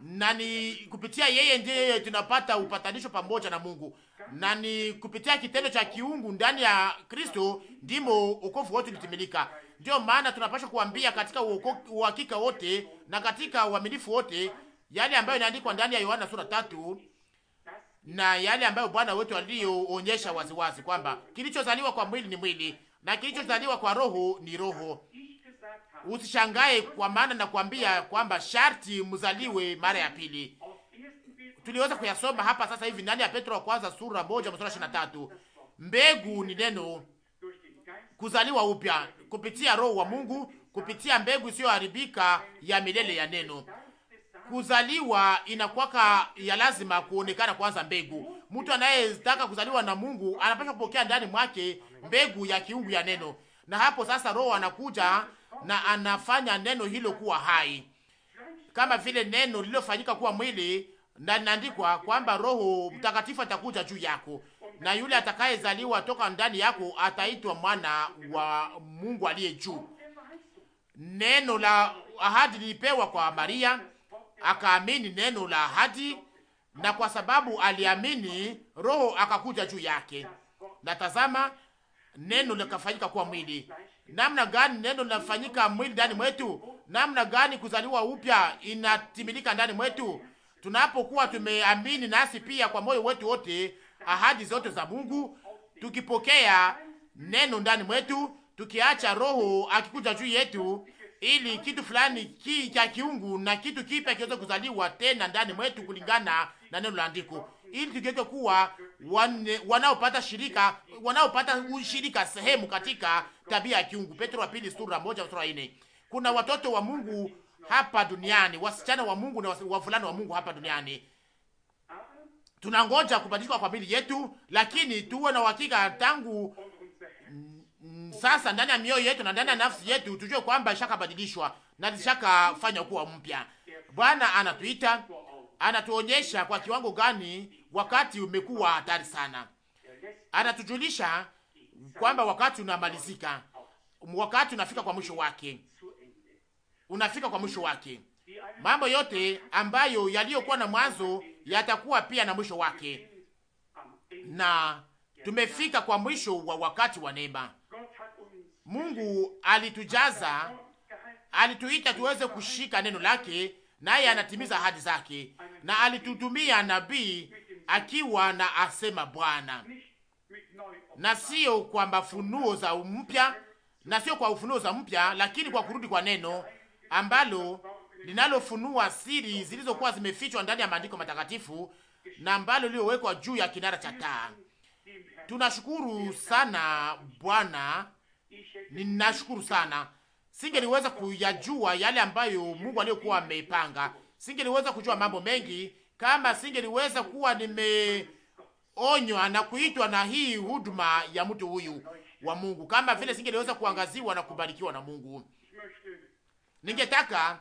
na ni kupitia yeye ndiye tunapata upatanisho pamoja na Mungu, na ni kupitia kitendo cha kiungu ndani ya Kristo ndimo ukovu wote ulitimilika. Ndiyo maana tunapaswa kuambia katika uhakika wote na katika uaminifu wote yale ambayo inaandikwa ndani ya Yohana sura tatu na yale ambayo Bwana wetu aliyoonyesha waziwazi kwamba kilichozaliwa kwa mwili ni mwili na kilichozaliwa kwa roho ni roho. Usishangae kwa maana na kuambia kwamba sharti mzaliwe mara ya pili. Tuliweza kuyasoma hapa sasa hivi ndani ya Petro wa kwanza sura moja mstari ishirini na tatu. Mbegu ni neno kuzaliwa upya kupitia Roho wa Mungu, kupitia mbegu isiyoharibika ya milele ya neno. Kuzaliwa inakuwaka ya lazima kuonekana kwanza mbegu. Mtu anayetaka kuzaliwa na Mungu anapaswa kupokea ndani mwake mbegu ya kiungu ya neno, na hapo sasa Roho anakuja na anafanya neno hilo kuwa hai, kama vile neno lililofanyika kuwa mwili, na linaandikwa kwamba Roho Mtakatifu atakuja juu yako na yule atakayezaliwa toka ndani yako ataitwa mwana wa Mungu aliye juu. Neno la ahadi lilipewa kwa Maria, akaamini neno la ahadi, na kwa sababu aliamini, Roho akakuja juu yake, na tazama, neno likafanyika kuwa mwili. Namna gani neno linafanyika mwili ndani mwetu? Namna gani kuzaliwa upya inatimilika ndani mwetu? Tunapokuwa tumeamini, nasi pia kwa moyo wetu wote ahadi zote za Mungu, tukipokea neno ndani mwetu, tukiacha Roho akikuja juu yetu, ili kitu fulani ki cha kiungu na kitu kipya kiweze kuzaliwa tena ndani mwetu kulingana na neno la andiko, ili tukiweke kuwa wane, wanaopata shirika wanaopata ushirika sehemu katika tabia ya kiungu. Petro wa pili sura moja sura ine. Kuna watoto wa Mungu hapa duniani, wasichana wa Mungu na wavulana wa Mungu hapa duniani tunangoja kubadilishwa kwa mili yetu, lakini tuwe na uhakika tangu mm, sasa ndani ya mioyo yetu na ndani ya nafsi yetu tujue kwamba ishakabadilishwa na ishakafanywa kuwa mpya. Bwana anatuita, anatuonyesha kwa kiwango gani wakati umekuwa hatari sana, anatujulisha kwamba wakati unamalizika, wakati unafika kwa mwisho wake, unafika kwa mwisho wake. Mambo yote ambayo yaliyokuwa na mwanzo yatakuwa pia na mwisho wake, na tumefika kwa mwisho wa wakati wa neema. Mungu alitujaza, alituita tuweze kushika neno lake, naye anatimiza ahadi zake, na alitutumia nabii akiwa na asema Bwana, na sio kwa mafunuo za mpya, na sio kwa ufunuo za mpya, lakini kwa kurudi kwa neno ambalo linalofunua siri zilizokuwa zimefichwa ndani ya maandiko matakatifu na ambalo liliowekwa juu ya kinara cha taa. Tunashukuru sana Bwana, ninashukuru sana. Singeliweza kuyajua yale ambayo Mungu aliyokuwa ameipanga, singeliweza kujua mambo mengi kama singeliweza kuwa nimeonywa na kuitwa na hii huduma ya mtu huyu wa Mungu, kama vile singeliweza kuangaziwa na kubarikiwa na Mungu. Ningetaka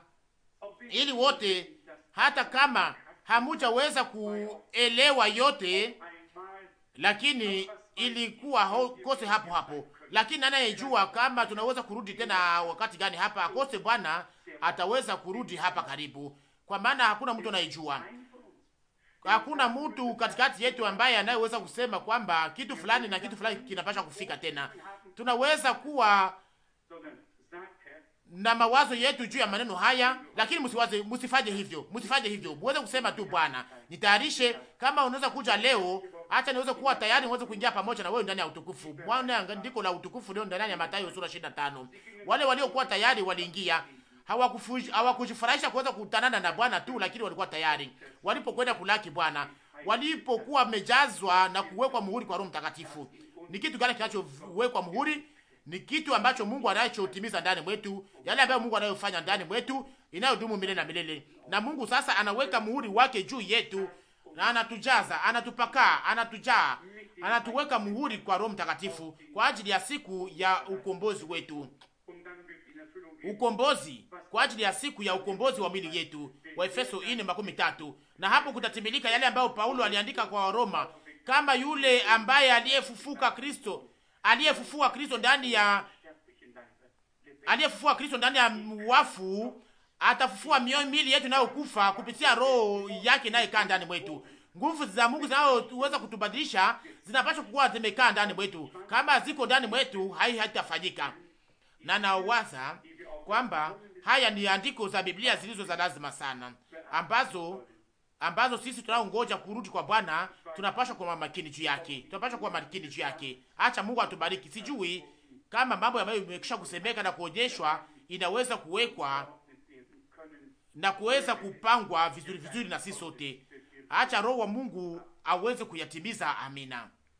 ili wote, hata kama hamujaweza kuelewa yote, lakini ilikuwa kose hapo hapo. Lakini anayejua kama tunaweza kurudi tena wakati gani hapa, akose Bwana ataweza kurudi hapa karibu, kwa maana hakuna mtu anayejua. Hakuna mtu katikati yetu ambaye anayeweza kusema kwamba kitu fulani na kitu fulani kinapasha kufika tena. Tunaweza kuwa na mawazo yetu juu ya maneno haya, lakini msiwaze, msifanye hivyo, msifanye hivyo, muweze kusema tu, Bwana nitayarishe, kama unaweza kuja leo, acha niweze kuwa tayari, niweze kuingia pamoja na wewe ndani ya utukufu. Bwana, andiko la utukufu leo ndani ya Mathayo sura 25, wale waliokuwa tayari waliingia hawakujifurahisha kuweza kukutanana na Bwana tu, lakini walikuwa tayari. Walipokwenda kulaki Bwana, walipokuwa wamejazwa na kuwekwa muhuri kwa Roho Mtakatifu. Ni kitu gani kinachowekwa muhuri? ni kitu ambacho Mungu anachotimiza ndani mwetu, yale ambayo Mungu anayofanya ndani mwetu inayodumu milele na milele. Na Mungu sasa anaweka muhuri wake juu yetu na anatujaza, anatupaka, anatujaa, anatuweka muhuri kwa Roho Mtakatifu kwa ajili ya siku ya ukombozi wetu, ukombozi kwa ajili ya siku ya ukombozi wa mili yetu, wa Efeso 4:13. Na hapo kutatimilika yale ambayo Paulo aliandika kwa Waroma, kama yule ambaye aliyefufuka Kristo aliyefufua Kristo ndani ya aliyefufua Kristo ndani ya wafu atafufua mioyo miili yetu inayokufa kupitia roho yake inayekaa ndani mwetu. Nguvu za Mungu zinazoweza kutubadilisha zinapaswa kuwa zimekaa ndani mwetu. Kama ziko ndani mwetu, hai haitafanyika. Na nawaza kwamba haya ni andiko za Biblia zilizo za lazima sana ambazo ambazo sisi tunaongoja kurudi kwa Bwana, tunapaswa kuwa makini juu yake, tunapaswa kuwa makini juu yake. Acha Mungu atubariki. Sijui kama mambo ambayo imekwisha kusemeka na kuonyeshwa inaweza kuwekwa na kuweza kupangwa vizuri vizuri na sisi sote. Acha Roho wa Mungu aweze kuyatimiza. Amina.